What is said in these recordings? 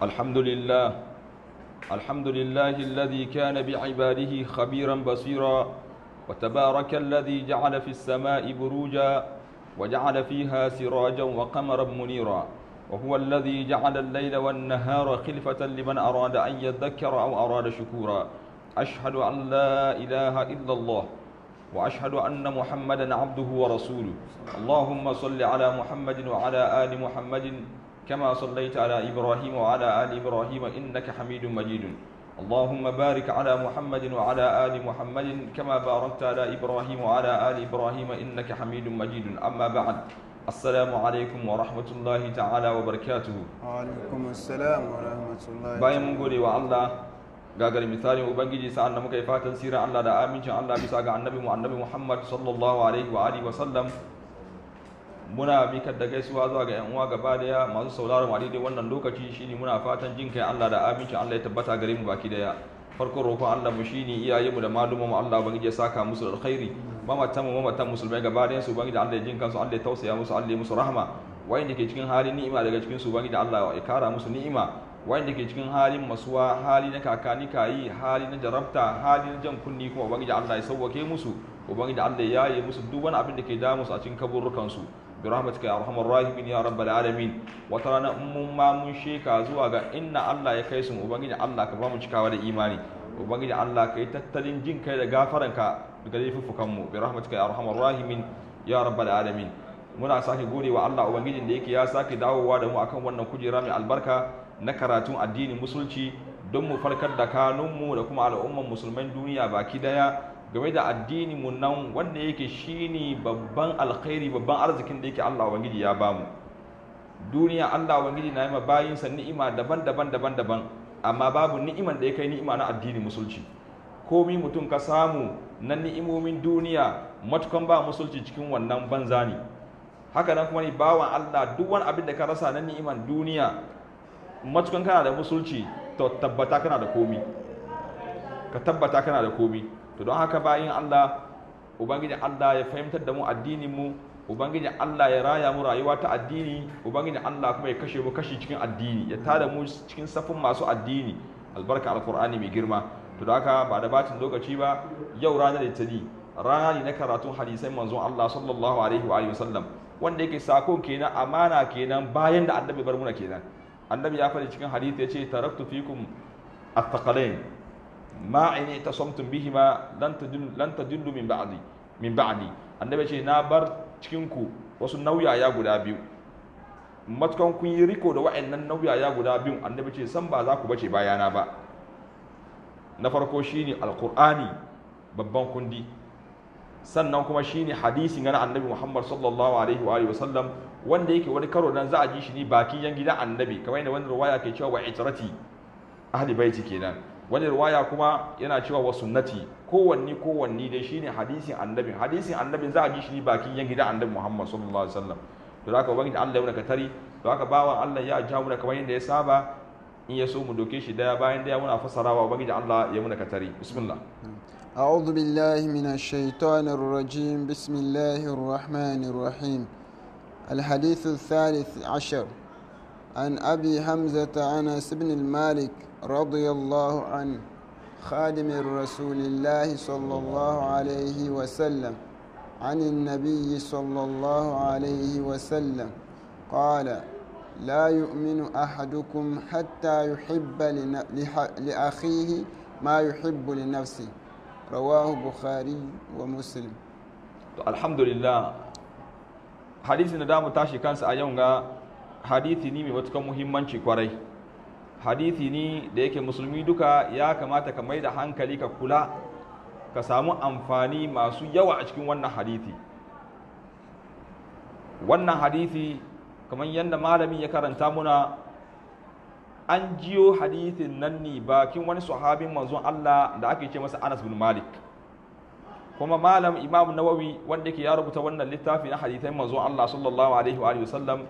الحمد لله الحمد لله الذي كان بعباده خبيرا بصيرا وتبارك الذي جعل في السماء بروجا وجعل فيها سراجا وقمرا منيرا وهو الذي جعل الليل والنهار خلفة لمن أراد أن يذكر أو أراد شكورا أشهد أن لا إله إلا الله وأشهد أن محمدا عبده ورسوله اللهم صل على محمد وعلى آل محمد كما صليت على إبراهيم وعلى آل إبراهيم إنك حميد مجيد اللهم بارك على محمد وعلى آل محمد كما باركت على إبراهيم وعلى آل إبراهيم إنك حميد مجيد أما بعد السلام عليكم ورحمة الله تعالى وبركاته وعليكم السلام ورحمة الله باي من قولي وعلا gagar misalin ubangiji sa'an da muka yi fatan sirar Allah da amincin Allah bisa ga annabi mu annabi Muhammad sallallahu alaihi wa alihi wa sallam muna mikar da gaisuwa zuwa ga 'yan uwa gaba daya masu sauraron wadidi wannan lokaci shine muna fatan jin kai Allah da amincin Allah ya tabbata gare mu baki daya farkon roƙon Allah mu shine iyaye mu da malumin mu Allah ubangiji ya saka musu da alkhairi mamatan mu mamatan musulmai gaba daya su da Allah ya jin kansu Allah ya tausaya musu Allah ya musu rahama da ke cikin halin ni'ima daga cikin su da Allah ya kara musu ni'ima da ke cikin halin masuwa hali na kakani kayi hali na jarabta hali na jan kunni kuma da Allah ya sauwake musu da Allah ya yaye musu duk wani abin da ke damu su a cikin kaburrukan su برحمتك rahimin ارحم الراحمين يا رب العالمين وترانا mun ma mun sheka zuwa ga inna Allah ya kai su ubangiji Allah ka ba mu cikawa da imani ubangiji Allah ka yi tattalin jin kai da gafaranka daga laifukan mu birahmatika ya arhamar rahimin ya rabbal alamin muna sake gode wa Allah ubangijin da yake ya sake dawowa da mu akan wannan kujera mai albarka na karatun addinin musulci don mu farkar da kanunmu da kuma al'umman musulman duniya baki daya game da addini mu nan wanda yake shine babban alkhairi babban arzikin da yake Allah ubangiji ya bamu duniya Allah ubangiji na yi bayin sa ni'ima daban-daban daban-daban amma babu ni'iman da ya kai ni'ima na addini musulci komi mutum ka samu na ni'imomin duniya matukan ba musulci cikin wannan banza ne haka nan kuma ne bawan Allah duk wani abin da ka rasa na ni'iman duniya matukan kana da musulci ka tabbata kana da komi to don haka bayan Allah ubangiji Allah ya fahimtar da mu addinin mu ubangijin Allah ya raya mu rayuwa ta addini ubangijin Allah kuma ya kashe mu kashi cikin addini ya tada mu cikin safin masu addini albarka alqur'ani mai girma to don haka ba da bacin lokaci ba yau ranar litini rana ne na karatun hadisai manzon Allah sallallahu alaihi wa alihi wasallam wanda yake sako kenan amana kenan bayan da annabi bar muna kenan annabi ya faɗi cikin hadisi ya ce taraktu fikum at taqalain ma in itasamtum bihi ma tadillu ta tadillu min ba'adi. min ba'di annabi ce na bar cikin ku wasu nauyaya guda biyu matukan kun yi riko da wa'annan nauyaya guda biyu annabi ce san ba za ku bace bayana ba na farko shine alqur'ani babban kundi sannan kuma shine hadisi na annabi Muhammad sallallahu alaihi wa alihi wasallam wanda yake wani karo nan za a ji shi ne bakin yan gidan annabi kamar yadda wani ruwaya ke cewa wa itrati ahli baiti kenan wani ruwaya kuma yana cewa wa sunnati kowanne kowanni dai shine hadisin annabi hadisin annabi za a ji shi bakin yan gidan annabi Muhammad sallallahu alaihi wasallam to haka ubangiji Allah ya muna tari to haka bawan Allah ya ja muna kamar yadda ya saba in ya so mu doke shi daya bayan daya muna fasarawa ubangiji Allah ya muna katari bismillah أعوذ بالله من الشيطان الرجيم بسم الله الرحمن الرحيم الحديث الثالث عشر عن أبي حمزة أنس بن المالك رضي الله عن خادم رسول الله صلى الله عليه وسلم عن النبي صلى الله عليه وسلم قال لا يؤمن أحدكم حتى يحب لأخيه ما يحب لنفسه رواه بخاري ومسلم الحمد لله حديثنا دام تاشي كانس أيونغا حديثي نيمي وتكون مهمان شي hadisi ne da yake musulmi duka ya kamata ka maida hankali ka kula ka samu amfani masu yawa a cikin wannan hadisi wannan hadisi kamar yadda malamin ya karanta muna an jiyo hadithin nan ne bakin wani sahabin manzon Allah da ake ce masa Anas bin Malik kuma malam Imam Nawawi wanda yake ya rubuta wannan littafi na hadithai manzon Allah sallallahu alaihi wa sallam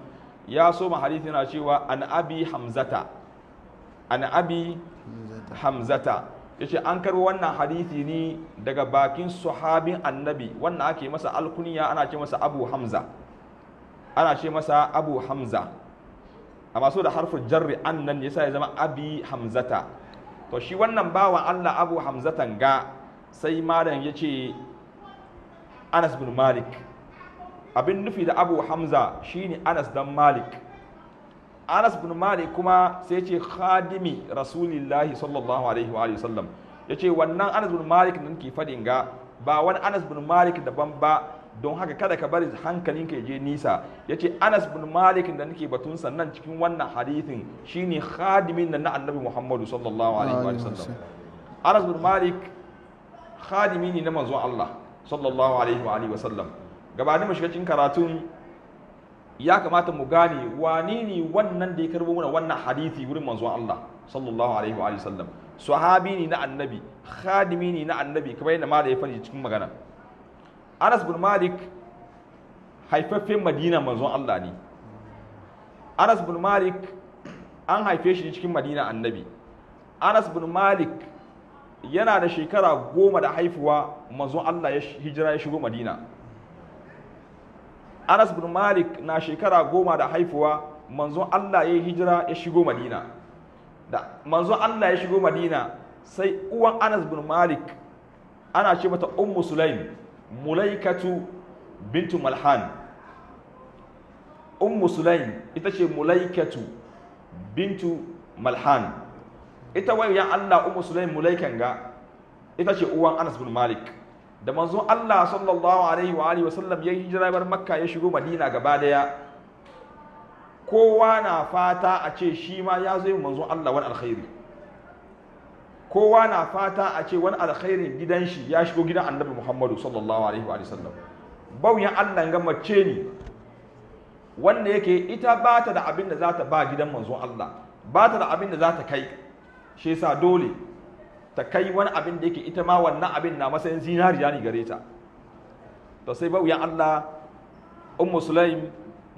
ya soma hadithi na cewa an abi hamzata an abi hamzata yace an karbi wannan hadisi ne daga bakin sahabin annabi wannan ake masa alkunya ana ce masa abu hamza ana ce masa abu hamza amma so da harfin jarri annan yasa ya zama abi hamzata to shi wannan bawan Allah abu hamzatan ga sai malam yace Anas bin Malik abin nufi da abu hamza shine Anas dan Malik anas bin malik kuma sai ce khadimi rasulillahi sallallahu alaihi wa sallam ya ce wannan anas bin malik nan ke faɗin ga ba wani anas bin malik daban ba don haka kada ka bari hankalin ka je nisa ya ce anas bin malik da nake batun sannan cikin wannan hadithin shine khadimin nan na annabi muhammadu sallallahu alaihi wa sallam anas bin malik khadimi ne na manzon allah sallallahu alaihi wa sallam gabanin mu shiga cikin karatun ya kamata mu gane wani ne wannan da ya karbo mana wannan hadithi wurin manzo Allah sallallahu alaihi wa sallam sahabi ne na annabi khadimi ne na annabi kamar yadda malai ya fadi cikin magana Anas bin Malik haifaffen Madina manzo Allah ne Anas bin Malik an haife shi cikin Madina annabi Anas bin Malik yana da shekara goma da haifuwa manzo Allah ya hijira ya shigo Madina anas bin malik na shekara goma da haifuwa manzon allah ya yi hijira ya shigo madina da manzon allah ya shigo madina sai uwan anas bin malik ana ce mata ummu sulaim mulaikatu bintu malhan ummu sulaim ita ce mulaikatu bintu malhan ita ya allah ummu sulaim mulaikan ga ita ce uwan anas bin malik da manzon Allah sallallahu alaihi wa alihi wasallam ya hijira bar makka ya shigo madina gaba daya kowa na fata a ce shi ma ya zo manzon Allah wani alkhairi kowa na fata a ce wani alkhairi gidan shi ya shigo gidan annabi Muhammadu sallallahu alaihi wa sallam bauyan Allah ga mace ne wanda yake ita ba ta da abin da za ta ba gidan manzon Allah ba ta da abin da za ta kai shi yasa dole ta kai wani abin da yake ita ma wannan abin na matsayin zinariya ne gare ta to sai bauyan Allah ummu sulaim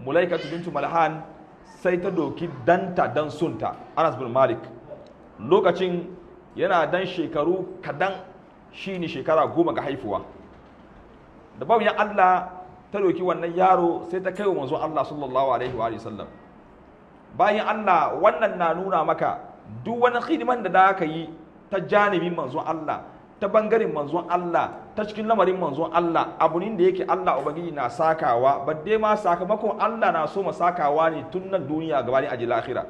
mulaikatu bintu malhan sai ta doki danta dan sunta Anas bin Malik lokacin yana dan shekaru kadan shine shekara goma ga haifuwa da bauyan Allah ta doki wannan yaro sai ta kai wa manzon Allah sallallahu alaihi wa sallam bayan Allah wannan na nuna maka duk wani hidiman da da ka yi ta janibin manzon Allah ta bangaren manzon Allah ta cikin lamarin manzon Allah abu ne da yake Allah ubangiji na sakawa ba dai ma sakamakon Allah na so ma sakawa ne tun nan duniya gaba ne a ji lahira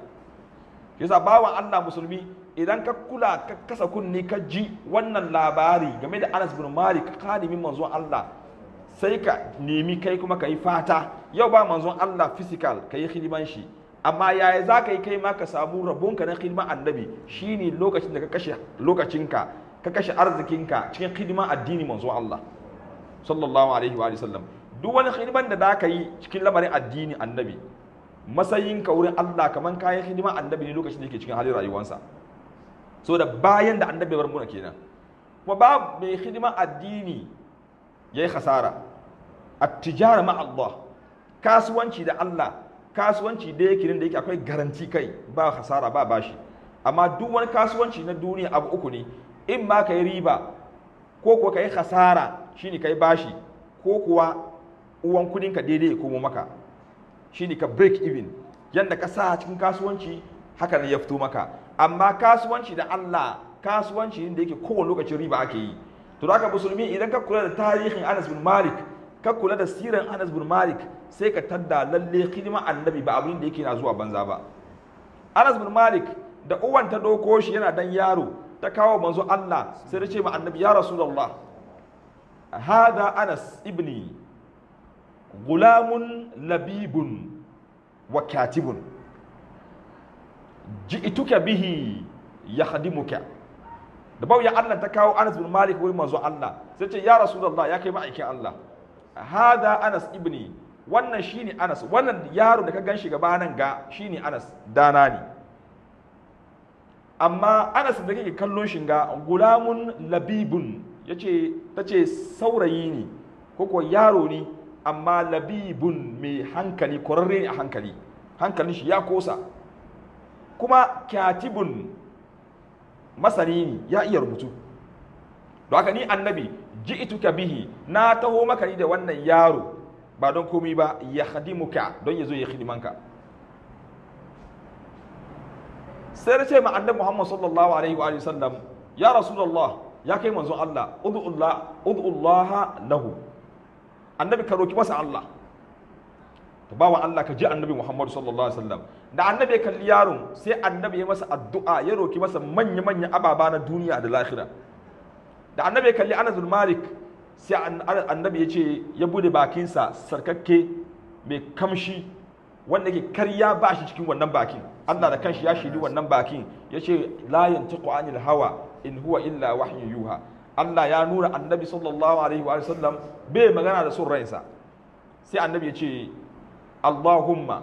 yasa bawa Allah musulmi idan ka kula ka kasa kunni ka ji wannan labari game da Anas bin Malik kadimin manzon Allah sai ka nemi kai kuma ka yi fata yau ba manzon Allah physical ka yi hidiman shi amma yaya za ka yi kai ma ka samu rabonka na hidima annabi shine lokacin da ka kashe lokacinka ka kashe arzikinka cikin hidima addini manzo Allah sallallahu alaihi wa sallam duk wani hidiman da za ka yi cikin lamarin addini annabi matsayinka wurin Allah kamar kayan hidima annabi ne lokacin da yake cikin halin rayuwarsa so da bayan da annabi bar muna kenan kuma ba mai hidima addini yayi khasara at-tijara ma Allah kasuwanci da Allah kasuwanci da yake da yake akwai garanti kai ba hasara ba bashi amma duk wani kasuwanci na duniya abu uku ne in ma ka riba ko kuwa ka hasara shine ka yi bashi ko kuwa uwan kudinka daidai ya komo maka shine ka break even yadda ka sa cikin kasuwanci haka ne ya fito maka amma kasuwanci da Allah kasuwanci ne da yake kowane lokacin riba ake yi to da haka musulmi idan ka kula da tarihin Anas bin Malik ka kula da siran Anas bin Malik sai ka tadda lalle khidma annabi ba abin da yake na zuwa banza ba Anas bin Malik da uwan ta doko shi yana dan yaro ta kawo manzo Allah sai ta ce ma annabi ya rasulullah hada Anas ibni gulamun labibun wa katibun ji'tuka bihi ya hadimuka. da bauya Allah ta kawo Anas bin Malik wai manzo Allah sai ce ya rasulullah ya kai ma'aikin Allah hada anas ibni wannan shine anas wannan yaro da ka gan shi gaba nan ga shine anas dana ne amma anas da kake kallon shi ga gulamun labibun yace tace saurayi ne ko yaro ne amma labibun mai hankali kwararre ne a hankali hankalin shi ya kosa kuma katibun masani ne ya iya rubutu don haka ni annabi ji'tuka bihi na taho maka ni da wannan yaro ba don komai ba ya khadimuka don ya zo ya hidimanka sai da ce ma annabi Muhammad sallallahu alaihi wa sallam ya rasulullah ya kai manzon Allah ud'ullah ud'ullah lahu annabi ka roki masa Allah to bawa Allah ka ji annabi Muhammad sallallahu alaihi wa sallam da annabi ya kalli yaron sai annabi ya masa addu'a ya roki masa manya-manyan ababa na duniya da lahira da annabi ya kalli anas malik sai annabi ya ce ya bude bakinsa sarkakke mai kamshi wanda ke karya ba shi cikin wannan bakin Allah da kanshi ya shidi wannan bakin ya ce la ta anil hawa in huwa illa wahyu yuha Allah ya nura annabi sallallahu alaihi wa sallam bai magana da sun ransa sai annabi ya ce Allahumma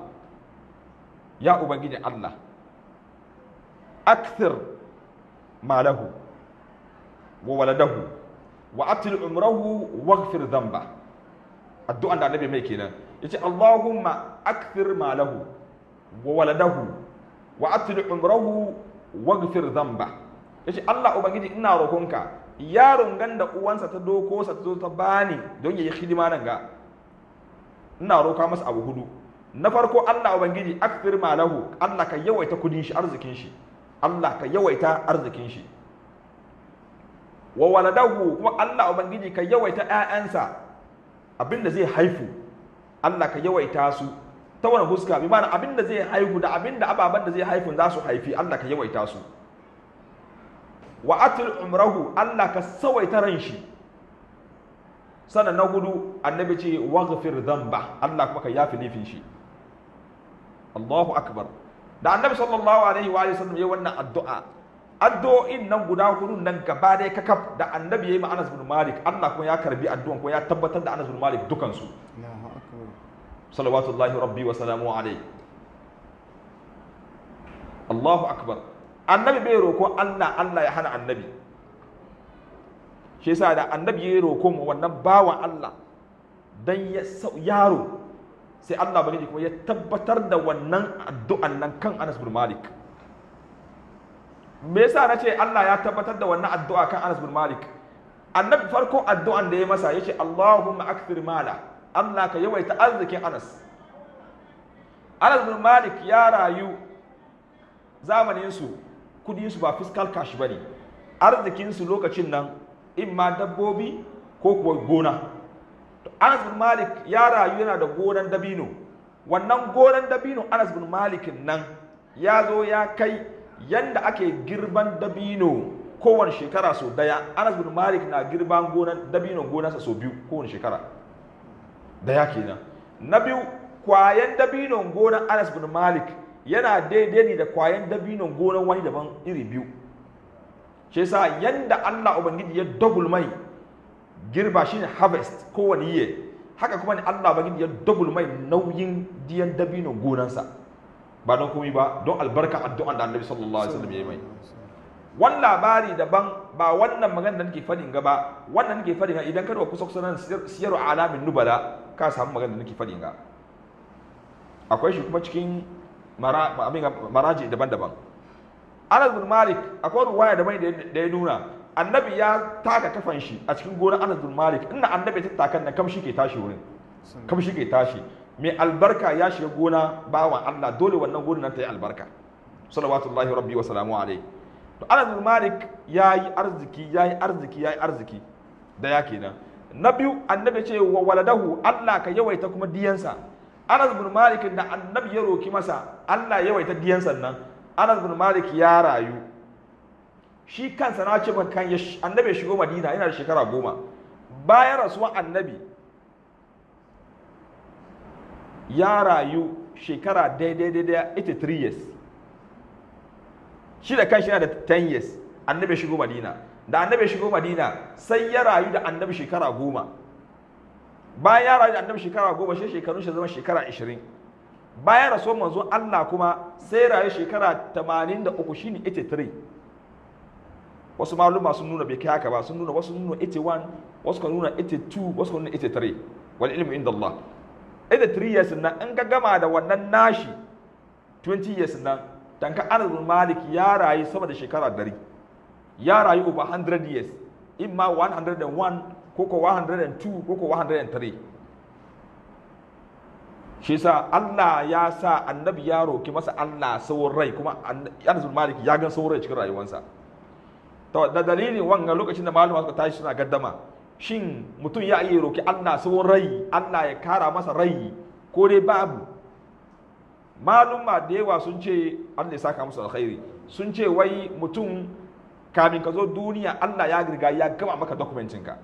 ya ubangiji Allah akthir malahu wa waladahu wa atil umrahu waghfir zamba. addu'an da annabi mai kenan yace Allahumma akthir malahu wa waladahu wa atil umrahu zamba. Ya yace Allah ubangiji ina rokonka yaron da uwansa ta doko sa ta zo ta bani don yayi hidima nan ga ina roka masa abu hudu na farko Allah ubangiji akthir malahu Allah ka yawaita kudin shi arzikin shi Allah ka yawaita arzikin shi wa waladahu kuma Allah ubangiji ka yawaita ƴaƴansa abinda zai haifu Allah ka yawaita su ta wani huska bi ma'ana abinda zai haihu da abinda ababen da zai haifu za su haifi Allah ka yawaita su wa atil umrahu Allah ka sawaita ran shi sannan na gudu annabi ce waghfir dhanba Allah kuma ka yafi laifin shi Allahu akbar da annabi sallallahu alaihi wa sallam yayi wannan addu'a addu'o'in nan guda hudu nan gaba dai kakaf da annabi ya yi ma'ana Anas bin Malik Allah kuma ya karbi addu'an kuma ya tabbatar da Anas bin Malik dukansu salawatullahi rabbi wa salamu alai Allahu akbar annabi bai roko Allah Allah ya hana annabi shi yasa da annabi ya roko mu wannan bawan Allah dan ya yaro sai Allah bane kuma ya tabbatar da wannan addu'an nan kan Anas bin Malik me yasa na ce Allah ya tabbatar da wannan addu'a kan Anas bin Malik annabi farko addu'an da ya masa yace Allahumma akthir mala Allah ka yawaita arzikin Anas Anas bin Malik ya rayu zamanin su kudin su ba fiscal cash bane arzikin su lokacin nan in ma dabbobi ko kuwa gona Anas bin Malik ya rayu yana da gonan dabino wannan gonan dabino Anas bin Malik nan ya zo ya kai yanda ake girban dabino kowane shekara sau daya anas bin malik na girban gonan dabinon gonarsa sau biyu kowane shekara daya kenan na biyu kwayan dabinon gonan anas bin malik yana daidai ne da kwayan dabinon gonan wani daban iri biyu shi yasa yanda allah ubangiji ya double mai girba shine harvest kowane yiye haka kuma ne allah ubangiji ya double mai nauyin diyan dabinon gonansa ba don komi ba don albarka addu'an da annabi sallallahu alaihi wasallam ya yi mai wani labari daban ba wannan magana da nake fadin ga ba wannan nake fadin ga idan ka kusa kusa nan siyar alamin nubala ka samu magana da nake fadin ga akwai shi kuma cikin maraji daban-daban Anas bin Malik akwai ruwaya da mai da ya nuna annabi ya taka kafan shi a cikin gonar Anas bin Malik inda annabi ta takan nan kamshi ke tashi wurin kamshi ke tashi mai albarka ya shiga gona bawan Allah dole wannan gonar nan ta yi albarka salawatullahi rabbi wa salamu alaihi to Anas bin Malik yayi arziki yayi arziki yayi arziki da ya kenan na biyu annabi ce wa waladahu Allah ka yawaita kuma diyansa Anas bin Malik da annabi ya roki masa Allah yawaita diyansa nan Anas bin Malik ya rayu shi kansa na ce kan annabi ya shigo Madina yana da shekara goma bayan rasuwan annabi ya rayu shekara daidai daidai 83 years shi da kan shi da 10 years annabi shigo madina da annabi shigo madina sai ya rayu da annabi shekara goma bayan ya rayu da annabi shekara goma shi shekarun shi zama shekara 20 bayan rasuwar manzon Allah kuma sai rayu shekara 83 shine 83 wasu maluma sun nuna bai kai haka ba sun nuna wasu nuna 81 wasu kan nuna 82 wasu kan nuna 83 wal ilmu inda Allah da 3 years nan in ka gama da wannan nashi 20 years nan tanka Anas Malik ya rayu sama da shekara 100 ya rayu over 100 years in ma 101 koko 102 koko 103 shi sa Allah ya sa annabi ya roki masa Allah sauran rai kuma Anas Malik ya gan sauran rai cikin rayuwarsa to da dalilin wannan lokacin da malama suka tashi suna gaddama shin mutum ya iya roki Allah sun rai Allah ya kara masa rai ko dai babu maluma da yawa sun ce Allah ya saka musu alkhairi sun ce wai mutum kamin ka zo duniya Allah ya riga ya gama maka dokumentin ka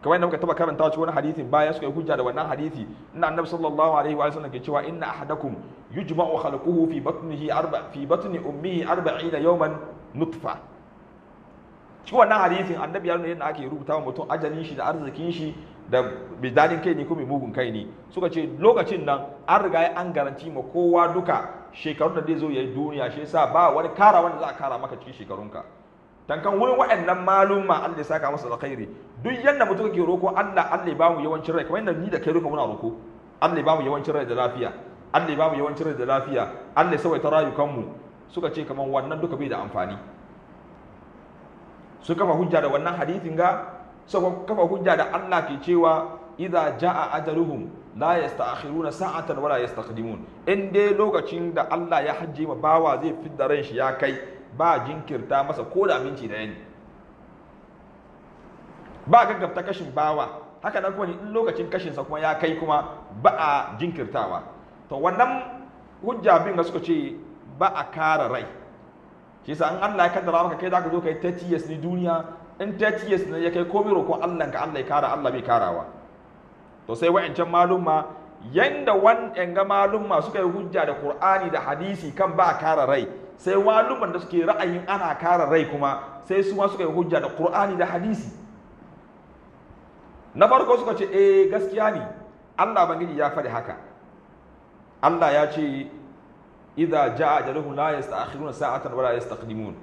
kamar yadda muka taba karanta wani hadithi baya suka yi hujja da wannan hadithi inna annabi sallallahu alaihi wa sallam ke cewa inna ahadakum yujma'u khalquhu fi batnihi arba fi batni ummihi 40 yawman nutfa shi wannan hadisin annabi ya nuna yadda ake rubuta wa mutum ajalin shi da arzikin shi da mai dadin kai ne ko mai mugun kai ne suka ce lokacin nan an riga an garanti ma kowa duka shekarun da zai zo ya yi duniya shi yasa ba wani kara wanda za a kara maka cikin shekarunka tankan wurin waɗannan maluma Allah ya saka masa alkhairi duk yanda mutum kake roko Allah Allah ya ba mu yawancin rai kamar yadda ni da kai roko muna roko Allah ya ba mu yawancin rai da lafiya Allah ya ba mu yawancin rai da lafiya Allah ya ta rayukan mu suka ce kamar wannan duka bai da amfani su kafa hujja da wannan hadithin ga su kafa hujja da Allah ke cewa idza jaa ajaluhum la yasta'khiruna sa'atan wala yastaqdimun in dai lokacin da Allah ya hajje ma bawa zai fidda ran shi ya kai ba jinkirta masa ko da aminci da yani ba gaggabta kashin bawa haka nan kuma in lokacin kashin sa kuma ya kai kuma ba a jinkirtawa to wannan hujja bin da suka ce ba a kara rai shi yasa in Allah ya kaddara maka kai zaka zo kai 30 years ni duniya in 30 years ne ya kai komai roƙon Allah ka Allah ya kara Allah bai karawa to sai wa'ancan malumma yanda wa'an ga malumma suka yi hujja da Qur'ani da hadisi kan ba kara rai sai malumman da suke ra'ayin ana kara rai kuma sai su ma suka yi hujja da Qur'ani da hadisi na farko suka ce eh gaskiya ne Allah bangiji ya faɗi haka Allah ya ce idza jaa ajaluhum la yasta'khiruna sa'atan wala yastaqdimun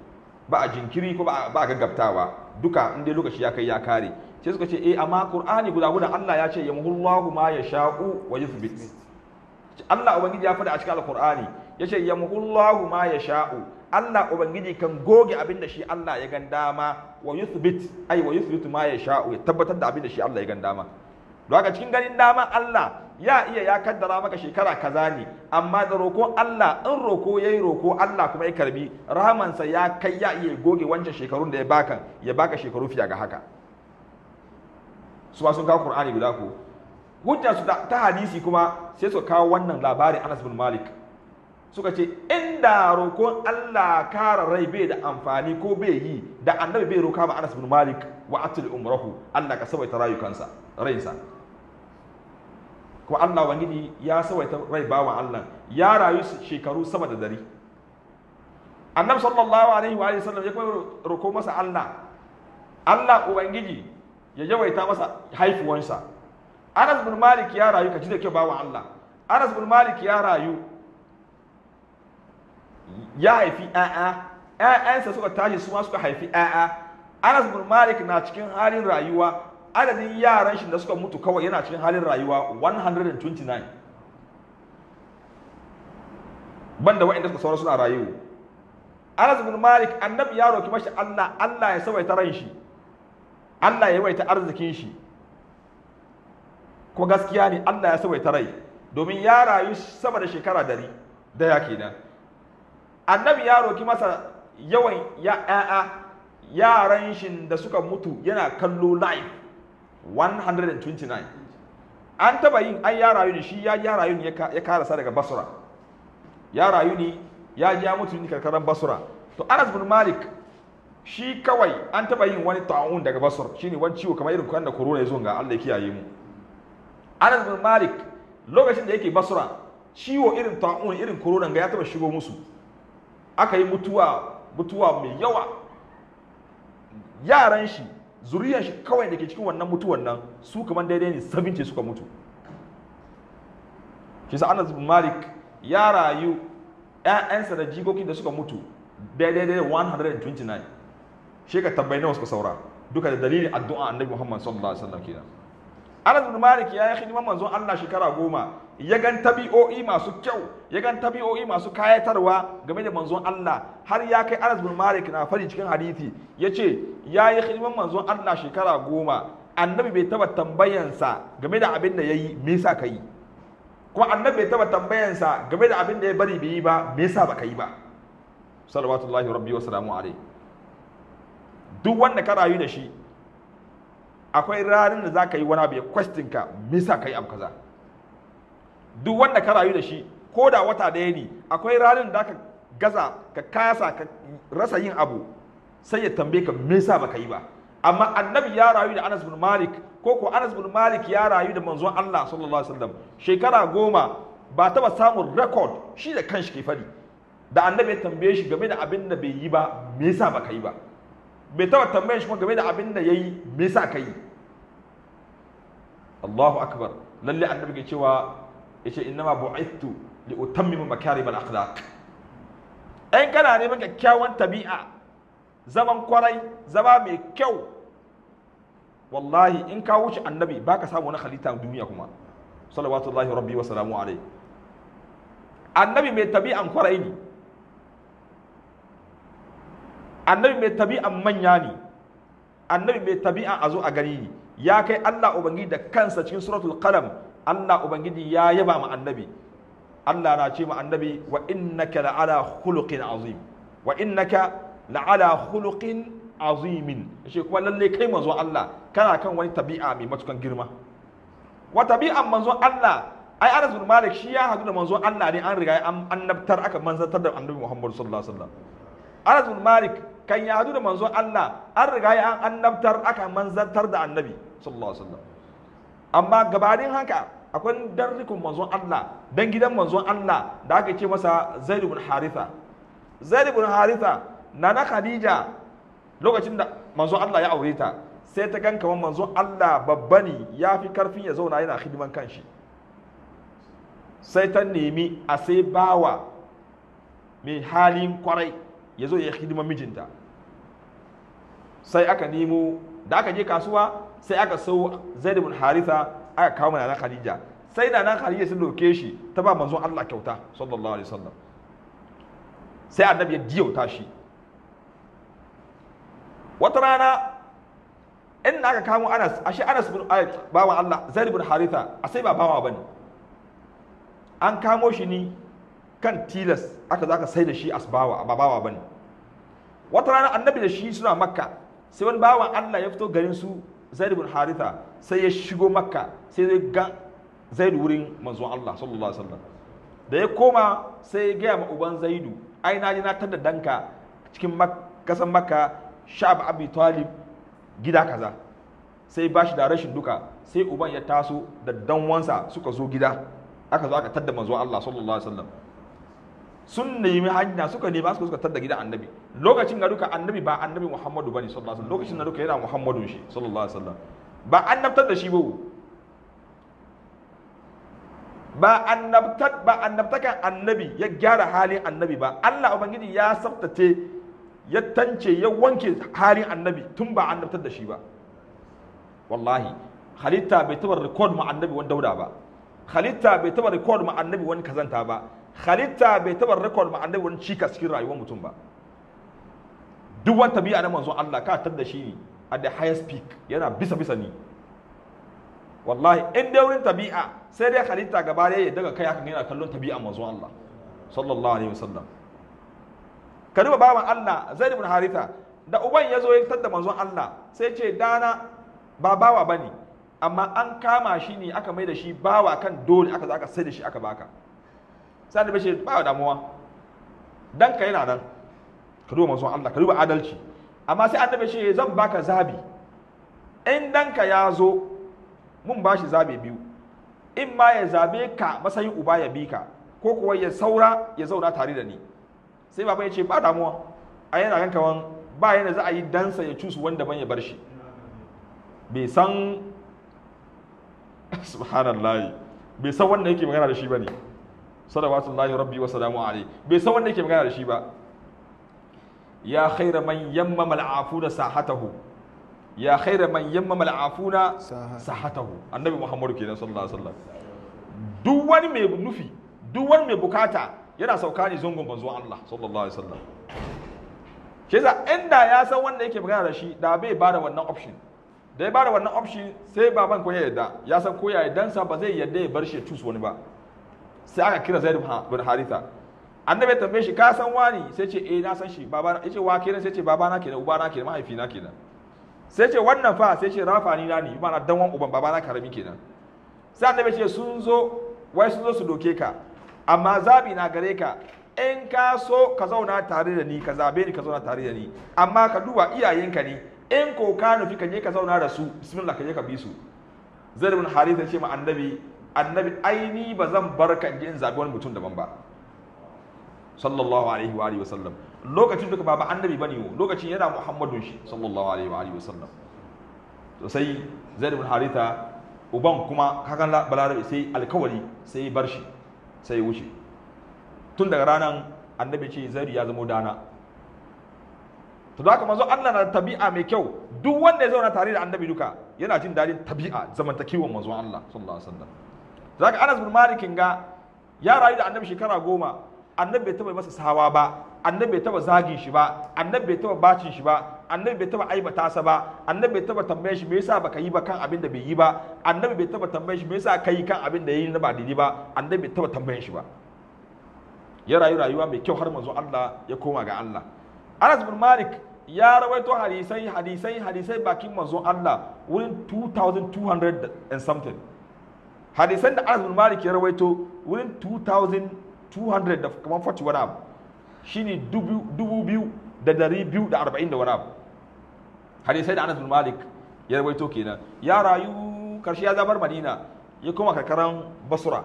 ba a jinkiri ko ba a gaggabtawa duka in dai lokaci ya kai ya kare sai suka ce eh amma qur'ani guda guda Allah ya ce yamhullahu ma yasha'u wa yuthbit Allah ubangiji ya faɗa a cikin alqur'ani yace yamhullahu ma yasha'u Allah ubangiji kan goge abin da shi Allah ya gan dama wa yuthbit ai wa yuthbit ma yasha'u ya tabbatar da abin da shi Allah ya gan dama don haka cikin ganin dama Allah ya iya ya kaddara maka shekara kaza ne amma da roko Allah in roko yayi roko Allah kuma ya karbi rahamansa ya kai ya iya goge wancan shekarun da ya baka ya baka shekaru fiya ga haka su ba sun kawo Qur'ani guda ko hujja su ta hadisi kuma sai su kawo wannan labarin Anas bin Malik suka ce inda roƙon Allah kara rai bai da amfani ko bai yi da annabi bai roka ma Anas bin Malik wa atil umrahu Allah ka sabaita rayukansa rainsa ko Allah wangiji ya sawaita rai bawa Allah ya rayu shekaru sama da dari annabi sallallahu alaihi wa sallam ya kuma roko masa Allah Allah ubangiji ya yawaita masa haifuwansa Anas bin Malik ya rayu ka ji da kyau bawa Allah Anas bin Malik ya rayu ya haifi ƴaƴa ƴaƴansa suka tashi suma suka haifi ƴaƴa Anas bin Malik na cikin halin rayuwa adadin yaran shi da suka mutu kawai yana cikin halin rayuwa 129 banda wa'anda suka saura suna rayuwa. Anas bin Malik annabi ya roki mashi Allah Allah ya sawaita ran shi Allah ya waita arzikin shi ko gaskiya ne Allah ya sawaita rai domin ya rayu sama da shekara dari da ya kenan annabi ya roki masa yawan ya'a'a yaran shi da suka mutu yana kallo live 129 an taba yin an ya rayu ne shi ya ya rayu ne ya karasa daga basura ya rayu ne ya ji ya mutu ne karkarar basura to anas bin malik shi kawai an taba yin wani ta'un daga shi shine wani ciwo kamar irin da corona ya zo ga Allah ya kiyaye mu anas bin malik lokacin da yake basura ciwo irin ta'un irin corona ga ya taba shigo musu aka yi mutuwa mutuwa mai yawa yaran shi zuriyar shi kawai da ke cikin wannan mutuwan nan su kamar daidai ne 70 suka mutu shi sa Anas bin Malik ya rayu ƴaƴansa da jikokin da suka mutu daidai da 129 shi ka tabbai nawa suka saura duka da dalilin addu'a Annabi Muhammad sallallahu alaihi wasallam kenan Anas bin Malik ya yi hidimar manzon Allah shekara goma ya gan tabi'o'i masu kyau ya gan tabi'o'i masu kayatarwa game da manzon Allah har ya kai Anas bin Malik na fari cikin hadisi yace yayi khidman manzon Allah shekara goma annabi bai taba tambayansa game da abin da yayi me yasa kai kuma annabi bai taba tambayansa game da abin da ya bari bai yi ba me yasa baka yi ba sallallahu rabbi wa salamu alaihi duk wanda ka rayu da shi akwai ranar da zaka yi wani abu ya question ka me yasa kai abu kaza duk wanda ka rayu da shi ko da wata ɗaya ne akwai ranar da ka gaza ka kasa ka rasa yin abu sai ya tambaye ka me yasa baka yi ba amma annabi ya rayu da Anas bin Malik ko ko Anas bin Malik ya rayu da manzon Allah sallallahu alaihi wasallam shekara goma ba taba samun record shi da kanshi ke fadi da annabi ya tambaye shi game da abin da bai yi ba me yasa baka yi ba bai taba tambaye shi kuma game da abin da yayi me yasa kai Allahu akbar lalle annabi ke cewa yace innama bu'ithtu li utammima makarim al akhlaq ɗan kana neman kyakkyawan tabi'a zaman kwarai zama mai kyau wallahi in ka wuce annabi baka samu wani a duniya kuma salawatullahi rabbi wa salamu alai annabi mai tabi'an kwarai ne annabi mai tabi'an manya ne annabi mai tabi'an azo a gani ne ya kai Allah ubangi da kansa cikin suratul qalam Allah ubangiji ya yaba ma annabi Allah na ce ma annabi wa innaka la'ala khuluqin azim wa innaka la'ala khuluqin azimin shi kuma lalle kai manzo Allah kana kan wani tabi'a mai matukan girma wa tabi'an manzo Allah ai Anas bin Malik shi ya hadu da manzo Allah ne an riga an annabtar aka manzantar da annabi Muhammad sallallahu alaihi wasallam Anas bin Malik kan ya hadu da manzo Allah an riga an annabtar aka manzantar da annabi sallallahu alaihi wasallam amma gabanin haka akwai darrikun manzon Allah dan gidan manzon Allah da aka ce masa Zaid ibn Haritha Zaid ibn Haritha nana Khadija lokacin da manzon Allah ya aure ta sai ta gan kamar manzon Allah babba ne ya fi karfin ya zauna yana hidiman kanshi sai ta nemi a sai bawa mai halin kwarai ya zo ya hidiman mijinta sai aka nemo da aka je kasuwa sai aka sau Zaid ibn Haritha aka kawo mana nan Khadija sai da nan Khadija sun doke shi ta ba manzon Allah kyauta sallallahu alaihi wasallam sai annabi ya ta shi wata rana in aka kamo Anas ashe Anas bin bawa Allah Zaid bin Haritha sai ba bawa bane an kamo shi ni kan tilas aka zaka sai da shi asbawa ba bawa bane wata rana annabi da shi suna makka sai wani bawan Allah ya fito garin su zaid ibn haritha sai ya shigo makka sai ya ga Zaidu wurin manzon Allah sallallahu alaihi wasallam da ya koma sai ya gaya ma uban zaidu ai na ji na tada danka cikin kasan makka sha'ab abi talib gida kaza sai ba shi da rashin duka sai uban ya taso da danwansa suka zo gida aka zo aka tadda manzon Allah sallallahu alaihi wasallam sun nemi hanya suka nemi suka suka tadda gidan annabi lokacin ga duka annabi ba annabi muhammadu bane sallallahu alaihi wasallam lokacin da duka yana muhammadu shi sallallahu alaihi wasallam ba annabtar da shi ba ba annabtar ba annabtakan annabi ya gyara halin annabi ba Allah ubangiji ya tsaftace ya tance ya wanke halin annabi tun ba annabtar da shi ba wallahi halitta bai taba record ma annabi wani dauda ba halitta bai taba record ma annabi wani kazanta ba halitta bai taɓa rikon ma wani cika cikin rayuwar mutum ba duk wani tabi'a na manzon Allah ka tar da shi ne at the highest peak yana bisa bisa ni wallahi in dai wurin tabi'a sai dai halitta gaba ya daga kai hakan yana kallon tabi'a manzon Allah sallallahu alaihi wasallam ka duba baban Allah zai ibn Haritha da uban ya zo ya tar da manzon Allah sai ce dana ba bawa bane amma an kama shi ne aka mai da shi bawa kan dole aka zaka sai da shi aka baka sai annabi ce ba damuwa dan ka yana nan ka duba manzon Allah ka duba adalci amma sai annabi ce zan baka zabi in ka ya zo mun ba shi zabe biyu in ma ya zabe ka masayin uba ya bi ka ko kuwa ya saura ya zauna tare da ni sai baban ya ce ba damuwa a yana ganka kawan ba yana za a yi dansa ya cusu wanda ban ya bar shi bai san subhanallah bai san wanda yake magana da shi ba ne salawatullahi rabbi wa salamu alaihi bai san wanda yake magana da shi ba ya khaira man yammama al'afuna sahatahu ya khaira man yammama al'afuna sahatahu annabi muhammadu kenan sallallahu alaihi duk wani mai nufi duk wani mai bukata yana sauka ne zungun manzo Allah sallallahu alaihi wasallam shi yasa inda ya san wanda yake magana da shi da bai bada wannan option da ya bada wannan option sai baban ko ya yarda ya san ko ya yardansa ba zai yarda ya bar shi ya tus wani ba sai aka kira zaid bin haritha annabi ya tambaye shi ka san wani sai ce eh na san shi baba yace wa kenan sai ce baba na kenan uba na kenan mahaifi na kenan sai ce wannan fa sai ce rafa ni na ni ba na danwan uban baba na karami kenan sai annabi ce sun zo wai sun zo su doke ka amma zabi na gare ka in ka so ka zauna tare da ni ka zabe ni ka zauna tare da ni amma ka duba iyayenka ne in ko ka nufi ka je ka zauna da su bismillah ka je ka bi su zaid bin haritha ce ma annabi annabi aini ba zan bar ka in je in zabi wani mutum daban ba sallallahu alaihi wa sallam. lokacin duka ba ba annabi bane wo lokacin yana muhammadun shi sallallahu alaihi wa sallam. wasallam to sai zaid ibn haritha uban kuma kakan balarabe sai alkawari sai bar shi sai wuce tun daga ranar annabi ce zaid ya zama dana to da haka manzo Allah na tabi'a mai kyau duk wanda ya zauna tare da annabi duka yana jin dadin tabi'a zamantakewar manzo Allah sallallahu alaihi wasallam ka Anas bin ga ya rayu da annabi shekara goma annabi bai taba masa sawa ba annabi bai taba zagin shi ba annabi bai taba bacin shi ba annabi bai taba aibata sa ba annabi bai taba tambaye shi me yasa baka yi ba kan abin da bai yi ba annabi bai taba tambaye shi me yasa kai kan abin da yayi na ba daidai ba annabi bai taba tambaye shi ba ya rayu rayuwa mai kyau har manzo Allah ya koma ga Allah Anas bin Malik ya rawaito hadisai hadisai hadisai bakin manzon Allah wurin 2200 and something hadisan da Anas bin Malik ya rawaito wurin 2200 da kamar 40 wani abu shine da 240 da wani abu hadisai da Anas bin Malik ya rawaito kenan ya rayu karshe ya zabar Madina ya koma karkaran Basra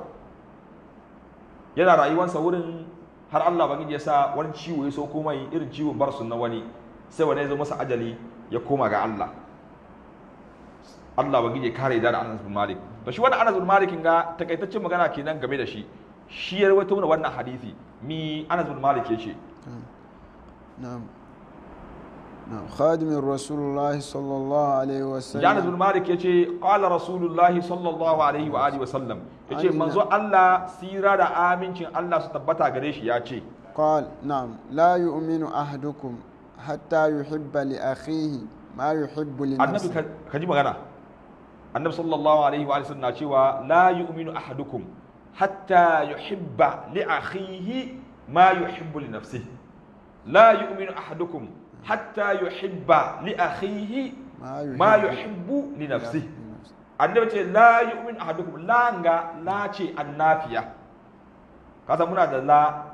yana rayuwansa wurin har Allah bangiji ya sa wani ciwo ya so komai irin ciwon barsun na wani sai wani ya zo masa ajali ya koma ga Allah Allah bagije kare da Anas bin Malik to shi wannan Anas bin Malik kinga takaitaccen magana kenan game da shi shi ya rawaito mana wannan hadisi mi Anas bin Malik ya ce na'am na'am khadimin Rasulullah sallallahu alaihi wa sallam Anas bin Malik ya ce qala Rasulullah sallallahu alaihi wa alihi wa sallam ya ce manzo Allah sira da amincin Allah su tabbata gare shi ya ce la yu'minu لا hatta yuhibba li akhihi ma yuhibbu li nafsihi annabi kaji magana annabi sallallahu alaihi wa sallam na cewa la yu'minu ahadukum hatta yuhibba li akhihi ma yuhibbu li nafsihi la yu'minu ahadukum hatta yuhibba li akhihi ma yuhibbu li nafsihi annabi ce la yu'minu ahadukum la nga la ce annafiya kasa muna da la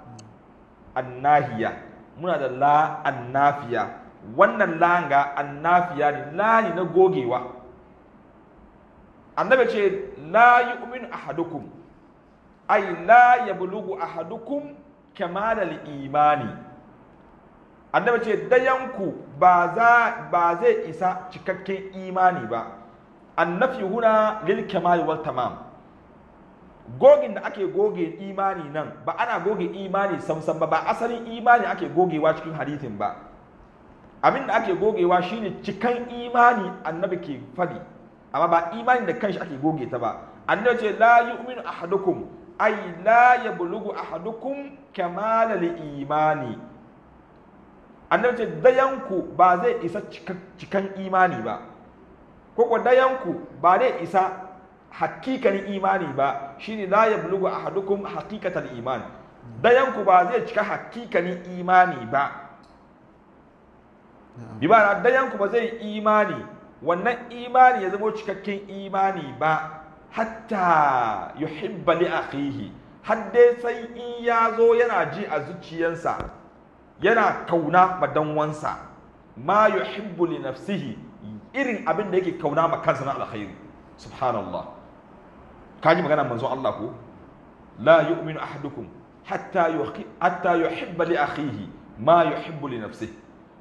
annahiya muna da la annafiya wannan la nga annafiya ne la ne na gogewa annabi ce la yu'min ahadukum ay la yablughu ahadukum kamal al-imani annabi ce dayanku ba ba zai isa cikakken imani ba annafi huna lil kamal wal tamam gogin da ake goge imani nan ba ana goge imani samsam ba ba asalin imani ake gogewa cikin hadithin ba abin da ake gogewa shine cikan imani annabi ke fadi amma ba imani da kanshi ake goge ta ba annabi ce la yu'minu ahadukum ay la yablughu ahadukum kamal imani annabi ce dayanku ba zai isa cikan imani ba ko ko dayanku ba zai isa hakikanin imani ba shine la yablughu ahadukum haqiqatal iman dayanku ba zai cika hakikanin imani ba bi ba dayanku ba zai imani wannan imani ya zama cikakken imani ba hatta yuhibba li akhihi har dai sai in ya zo yana ji a zuciyansa yana kauna madanwansa ma yuhibbu li nafsihi irin abin da yake kauna ma kansa na alkhairi subhanallah Ka ji magana manzo Allah ko la yu'minu ahadukum hatta yuhi hatta yuhibba li akhihi ma yuhibbu li nafsihi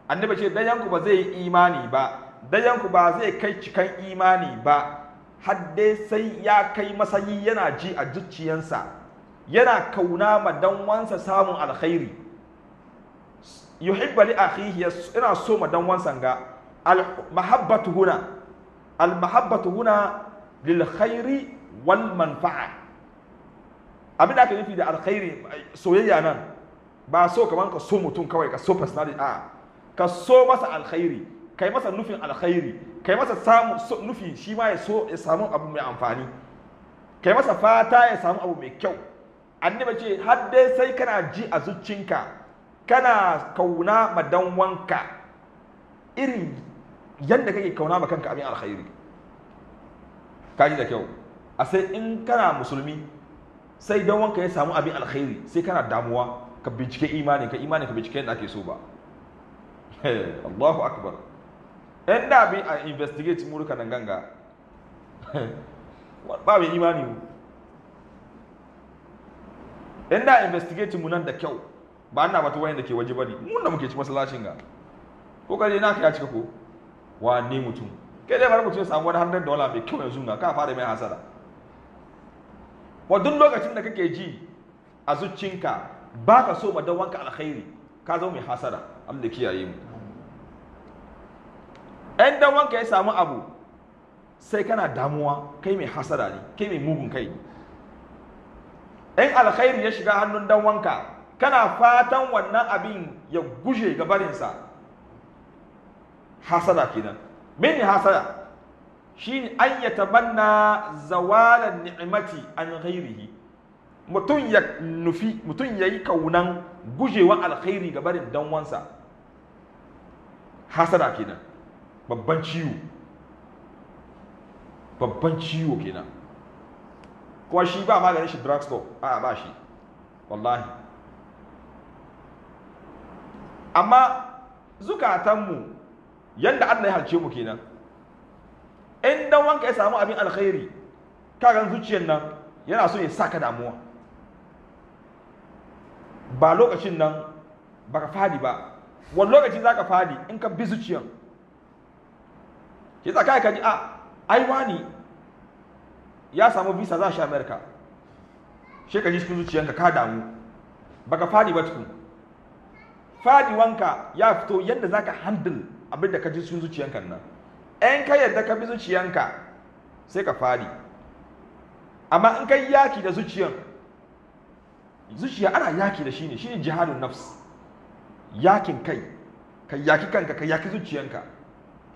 annabi ce dan yanku ba zai yi imani ba dayanku ba zai kai cikan imani ba har dai sai ya kai masayi yana ji a zuciyansa yana kauna ma danwansa samun alkhairi yuhibbu li akhihi yana so ma danwansa ga al mahabbatu huna al mahabbatu huna lil khairi wal manfa'a abin da aka nufi da alkhairi soyayya nan ba so kaman ka so mutum kawai ka so personality a ka so masa alkhairi kai masa nufin alkhairi kai masa samu nufi shi ma ya so ya samu abu mai amfani kai masa fata ya samu abu mai kyau annabi ce har dai sai kana ji a zuccinka kana kauna madanwanka irin yadda kake kauna ma kanka abin alkhairi kaji da kyau a sai in kana musulmi sai dan wanka ya samu abin alkhairi sai kana damuwa ka bincike imanin ka imanin ka bincike yadda ake so ba Allahu akbar yan da bi a investigate muruka nan ganga ba mai imani mu yan da investigate mu nan da kyau ba na batu wani da ke waje ba ne mun da muke ci masallacin ga ko kaje na ka cika ko wa ne mutum kai dai bar mutum ya samu wani hundred dollar mai kyau yanzu ga ka fara mai hasara wa duk lokacin da kake ji a zuccinka ba ka so ma wanka alkhairi ka zo mai hasara da kiyaye mu ɗan dan wanka ya samu abu sai kana damuwa kai mai hasara ne kai mai mugun kai ne alkhairu ya shiga hannun dan wanka kana fatan wannan abin ya guje ga barinsa hasada kenan min shi ne an tabanna zawalan ni'imati an ghairihi mutum ya nufi mutum ya yi kaunan gujewa alkhairi ga barin dan Hasara kenan babban ciwo babban ciwo kenan kuwa shi ba maganin shi drugstore a ba shi wallahi amma zukatanmu yadda allah ya halce mu kenan in dan wanka ya samu abin alkhairi kagan zuciyar nan yana so ya sa ka damuwa ba lokacin nan baka fadi ba wani lokaci za ka fadi in ka bi zuciyar shi yasa ka ji a ah, ai wani ya samu visa za shi America shi ka ji cikin zuciyanka ka damu baka fadi ba tukun fadi wanka ya fito yadda zaka handle abin da ka ji cikin zuciyanka nan ɗan ka yadda ka bi zuciyanka sai ka fadi amma in kai yaki da zuciyan zuciya ana yaki da shi ne shi ne jihadun nafs yakin kai ka yaki kanka ka yaki zuciyanka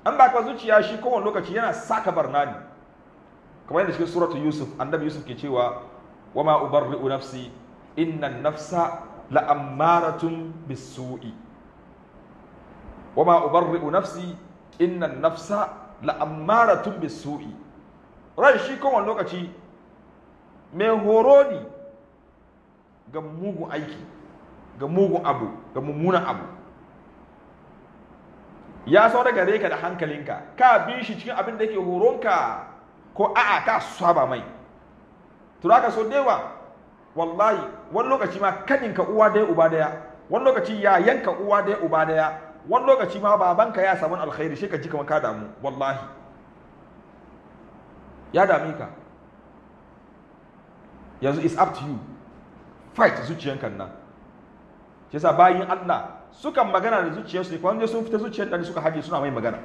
an ba ka zuciya shi kowane lokaci yana saka barna ne kamar yadda cikin suratu yusuf annabi yusuf ke cewa wa ma ubarri'u nafsi inna nafsa la'ammaratun bisu'i wa ma ubarri'u nafsi inna nafsa la'ammaratun bisu'i ran shi kowane lokaci mai horo ne ga mugun aiki ga mugun abu ga mummunan abu ya da gare ka da hankalinka ka bi shi cikin abin da yake horonka ko a'a ka saba mai to haka so dewa wallahi wani lokaci ma kanin ka uwa daya uba daya wani lokaci ya yanka uwa daya uba daya wani lokaci ma babanka ya samu alkhairi shi ka ji kama ka damu wallahi ya dami ka yanzu is up to you fight zuciyankan nan shi yasa bayin Allah sukan magana da zuciyarsu ne kwanje sun fita zuciyar da suka haje suna mai magana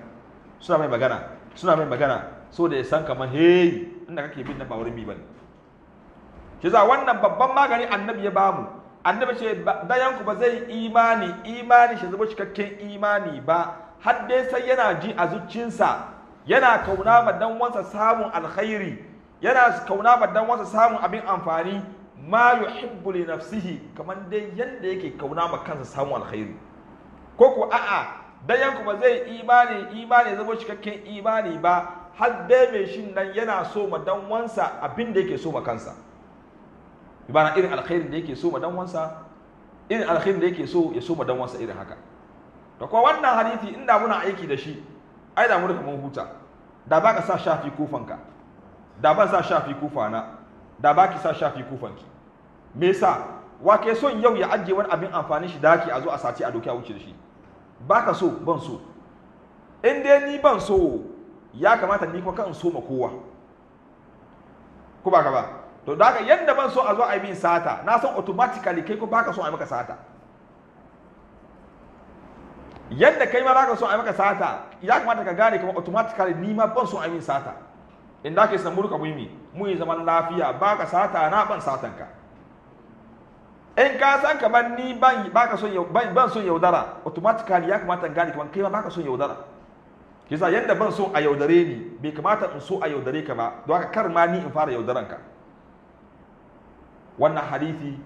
suna mai magana suna mai magana so da ya san kamar hey inda kake bin na bawar wurin bi shi za wannan babban magani annabi ya bamu annabi ce dayan ku ba zai imani imani shi zubo cikakken imani ba har dai sai yana ji a zuciyarsa yana kauna ma dan wansa samun alkhairi yana kauna ma dan wansa samun abin amfani ma yuhibbu li nafsihi kamar dai yanda yake kauna ma kansa samu alkhairi ko ko a'a dan yanku ba zai imani imani zama cikakken imani ba har dai mai shin nan yana so ma dan wansa abin da yake so ma kansa ibana irin alkhairin da yake so ma dan wansa irin alkhairin da yake so ya so ma dan wansa irin haka da kuma wannan hadisi inda muna aiki da shi ai da mu mun huta da ba ka sa shafi kufanka da ban sa shafi kufana da ba ki sa shafi kufanki me yasa wa ke son yau ya ajiye wani abin amfani shi daki a zo a sati a doki a wuce da shi baka so ban so in dai ni ban so ya kamata ni kuma kan so ma kowa ko ba ka ba to da yadda ban so a zo a yi min sata na san automatically kai ko baka so a yi maka sata yadda kai ma baka so a yi maka sata ya kamata ka gane kuma automatically ni ma ban so a yi min sata in da ka yi sanar muruka muhimmi mu yi zaman lafiya baka sata na ban satanka in ka san kamar ni ban baka son ban son yaudara automatically ya kamata in gane kamar kai ma baka son yaudara kisa yadda ban son a yaudare ni bai kamata in so a yaudare ka ba don haka kar ma ni in fara yaudaran ka wannan hadisi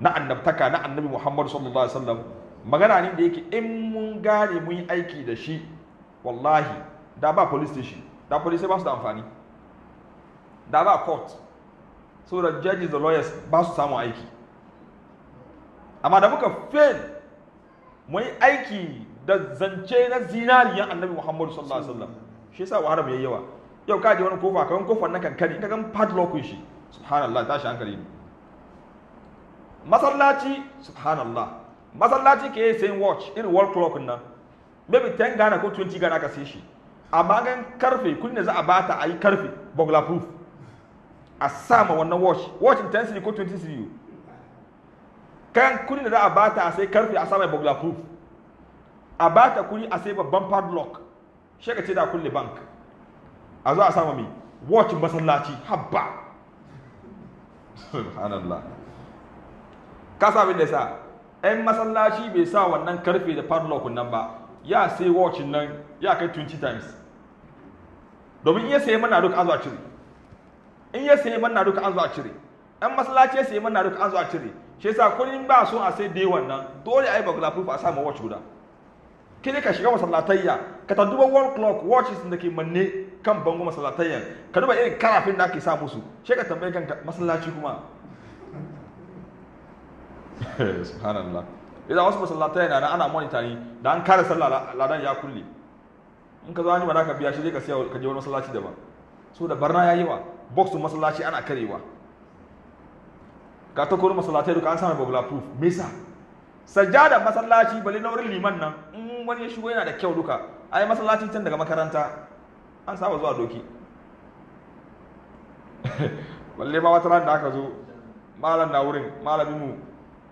na annabtaka na annabi Muhammad sallallahu alaihi wasallam magana ne da yake in mun gane mun yi aiki da shi wallahi da ba police station da police ba su da amfani da ba court so the judges the lawyers ba su samu aiki amma da muka fail mun aiki da zance na zinariyan annabi muhammadu sallallahu alaihi wasallam shi yasa wahara mai yawa yau ka je wani kofa ka wani kofar na kankani ka gan padlock shi subhanallah tashi hankali ne masallaci subhanallah masallaci ke sayin watch irin wall clock nan maybe 10 gana ko 20 gana ka sai shi amma gan karfe kullum za a bata a yi karfe bugla proof a sama wannan wash wash 10 cd ko 20 cu kan kudin da za a bata a sai karfe a sama bugla proof a bata kudi a sai babban padlock shi ka ce da kulle bank a zo a sama mai wash masallaci habba subhanallah ka sa abin da sa ɗan masallaci bai sa wannan karfe da padlock nan ba ya sai wash nan ya kai 20 times domin iya sai mana duk azuwa cire in ya sayi manna duka an zo a cire ɗan masallaci ya sayi manna duka an zo a cire shi yasa in ba so a sai dai wannan dole ai bagula proof a samu watch guda kini ka shiga masallatayya ka ta duba one clock watches da ke manne kan bango masallatayya, ka duba irin karafin da ake sa musu shi ka tambaye kan masallaci kuma subhanallah idan wasu masallatayya na ana monitari da an kare sallah ladan ya kulle in ka zo an yi ba ka biya shi zai ka siya ka je wani masallaci daban so da barna ya yi wa boxin masallaci ana karewa ga ta masallatai duka an samu bugla proof mesa yasa sajjada masallaci bali na wurin liman nan in wani ya shigo yana da kyau duka a yi masallaci can daga makaranta an saba zuwa doki balle ma wata ran da aka zo malam na wurin malamin mu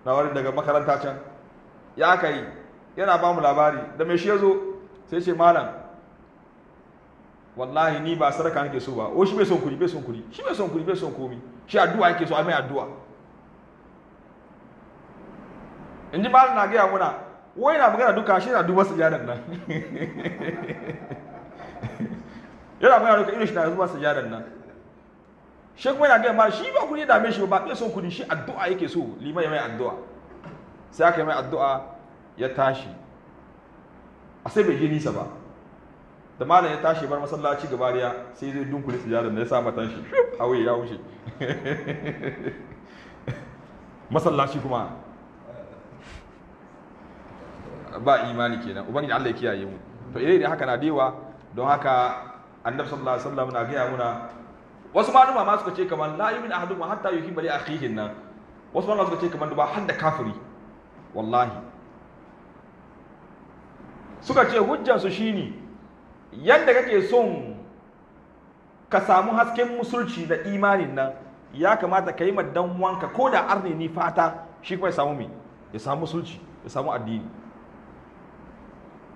na wurin daga makaranta can ya kai yana ba mu labari da me shi ya zo sai ce malam wallahi ni ba sadaka nake so ba o oh, shi bai son kuri bai son kuri shi bai son kuri bai son komi shi addu'a yake so a mai addu'a in ji ba na gaya muna wai na magana duka shi na duba sajadan nan yana magana duka irin shi na duba sajadan nan shi kuma yana gaya ma shi ba kuri dame shi ba bai son kuri shi addu'a yake so liman ya mai addu'a sai aka yi mai addu'a ya tashi a sai bai je nisa ba da malam ya tashi bar masallaci gaba daya sai zai dunkule sujadar da ya sa matan shi ya wuce masallaci kuma ba imani kenan ubangiji Allah ya kiyaye mu to idan da haka na dewa don haka annabi sallallahu alaihi wasallam na gaya muna wasu maluma ma suka ce kamar la yumin ahadukum hatta yuhibba li akhihi nan wasu maluma suka ce kamar ba har da kafiri wallahi suka ce hujjar su shine yadda kake son ka samu hasken musulci da imanin nan ya kamata ka yi ma dan wanka ko da arne ni fata shi kuma ya samu mai, ya samu musulci ya samu addini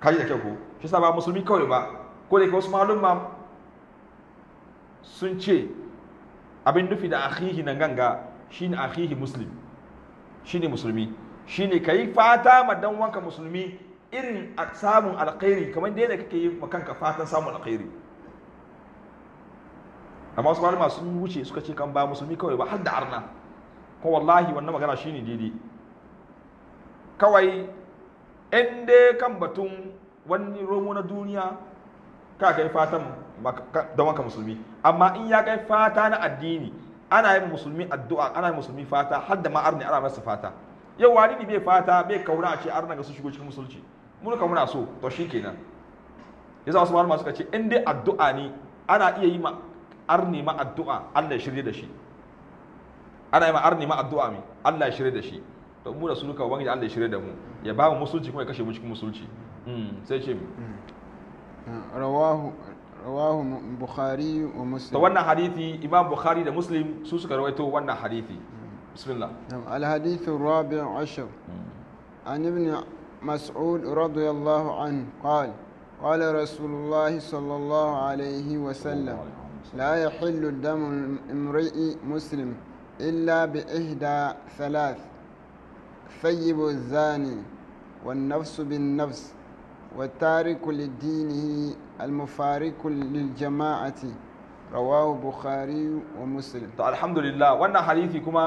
kaji da kyau ko shi sa ba musulmi kawai ba ko da wasu malum ma sun ce abin nufi da akhihi na ganga shine akhihi muslim ne musulmi shine yi fata ma dan wanka musulmi irin samun alkhairi kamar da yadda kake yi wa kanka fatan samun alkhairi amma wasu malama sun wuce suka ce kan ba musulmi kawai ba har da arna ko wallahi wannan magana shine daidai kawai in dai kan batun wani romo na duniya ka kai fatan don maka musulmi amma in ya kai fata na addini ana yi musulmi addu'a ana yi musulmi fata har da ma arni ana masa fata yau wani ne bai fata bai kauna a ce arna ga su shigo cikin musulci Mun ka muna so to shi kenan ya yasa wasu malama suka ce in dai addu'a ne ana iya yi ma ar ma addu'a Allah ya shirye da shi ana yi ma ar ma addu'a mi Allah ya shirye da shi to mu da sunuka wani Allah ya shirye da mu ya ba mu musulci kuma ya kashe mu cikin musulci hmm, sai ce mi hmm. rawahu rawahu bukhari wa muslim to wannan hadithi imam bukhari da muslim su suka rawaito wannan hadithi hmm. bismillah al hadithu rabi' ashar an ibn مسعود رضي الله عنه قال قال رسول الله صلى الله عليه وسلم لا يحل دم امرئ مسلم إلا بإحدى ثلاث ثيب الزاني والنفس بالنفس والتارك لدينه المفارق للجماعة رواه بخاري ومسلم طيب، الحمد لله وانا حديثي كما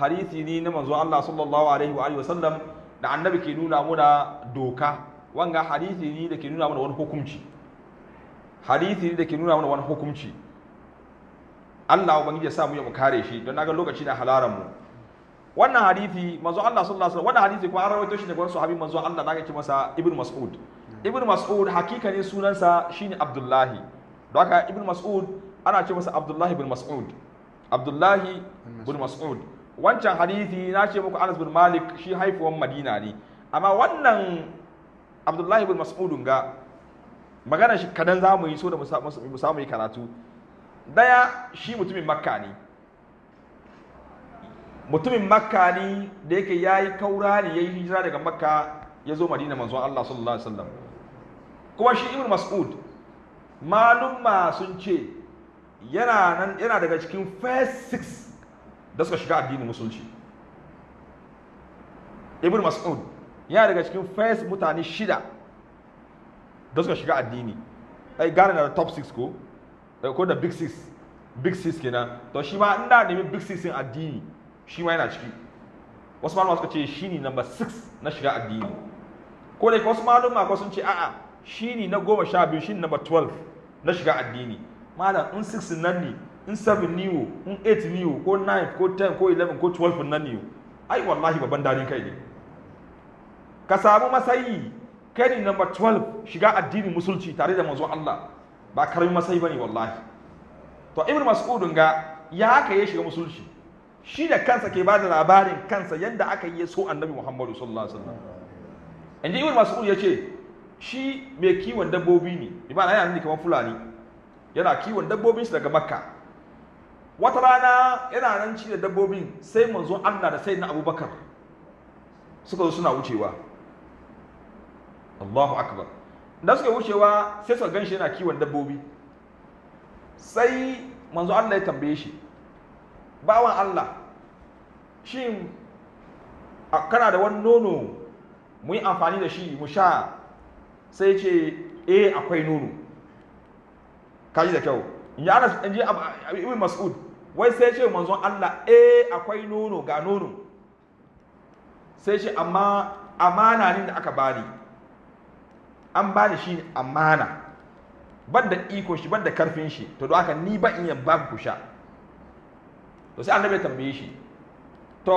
حديثي دين منذ الله صلى الله عليه وآله وسلم da annabi ke nuna muna doka wanga hadisi ne da ke nuna muna wani hukunci hadisi ne da ke nuna muna wani hukunci Allah ubangiji ya sa mu ya mu kare shi don naga lokaci na halaran mu wannan hadisi manzo Allah sallallahu alaihi wasallam wannan hadisi kuma an rawaito shi daga wani sahabi manzo Allah naga ki masa Ibn Mas'ud Ibn Mas'ud hakika sunansa shine Abdullahi don haka Ibn Mas'ud ana ce masa Abdullahi ibn Mas'ud Abdullahi ibn Mas'ud wancan hadisi na ce muku Anas bin Malik shi haifuwan Madina ne amma wannan Abdullahi bin Mas'udun ga magana shi kadan za mu yi so da mu samu yi karatu daya shi mutumin Makka ne mutumin Makka ne da yake yayi kaura ne yayi hijira daga Makka ya zo Madina manzon Allah sallallahu alaihi wasallam kuma shi Ibn Mas'ud malumma sun ce yana nan yana daga cikin first six da suka shiga addinin musulunci ibn mas'ud yana daga cikin first mutane shida da suka shiga addini ai gane na top 6 ko ko da big 6 big 6 kenan to shi ma da nemi big 6 din addini shi ma yana ciki wasu malama suka ce shi ne number 6 na shiga addini ko da wasu malama ko sun ce a'a shi ne na goma sha biyu shi ne number 12 na shiga addini malam in 6 nan ne in 7 ni o in 8 ni o ko 9 ko 10 ko 11 ko 12 nan ni o ai wallahi babban dadin kai ne ka samu masayi kai ne number 12 shiga addinin musulci tare da manzon Allah ba karamin masayi bane wallahi to ibn mas'ud ga ya haka ya shiga musulci shi da kansa ke bada labarin kansa yadda aka yi so annabi muhammadu sallallahu alaihi wasallam inji ibn mas'ud ya ce shi mai kiwon dabbobi ne ibana yana ne kamar fulani yana kiwon dabbobin su daga makka wata rana yana nan ci da dabbobin sai manzo Allah da sayyidina Abubakar suka zo suna wucewa Allahu akbar da suka wucewa sai suka ganshi yana kiwon dabbobi sai manzo Allah ya tambaye shi bawan Allah shin kana da wani nono mu yi amfani da shi mu sha sai ce eh akwai nono kaji da kyau in ji Anas in ji Ibn Mas'ud wai sai ce manzon Allah eh akwai nono ga nono sai ce amma amana ne da aka bani an bani shi amana ban da iko shi ban da karfin shi to don haka ni ba in yan ba ku sha to sai annabi ya tambaye shi to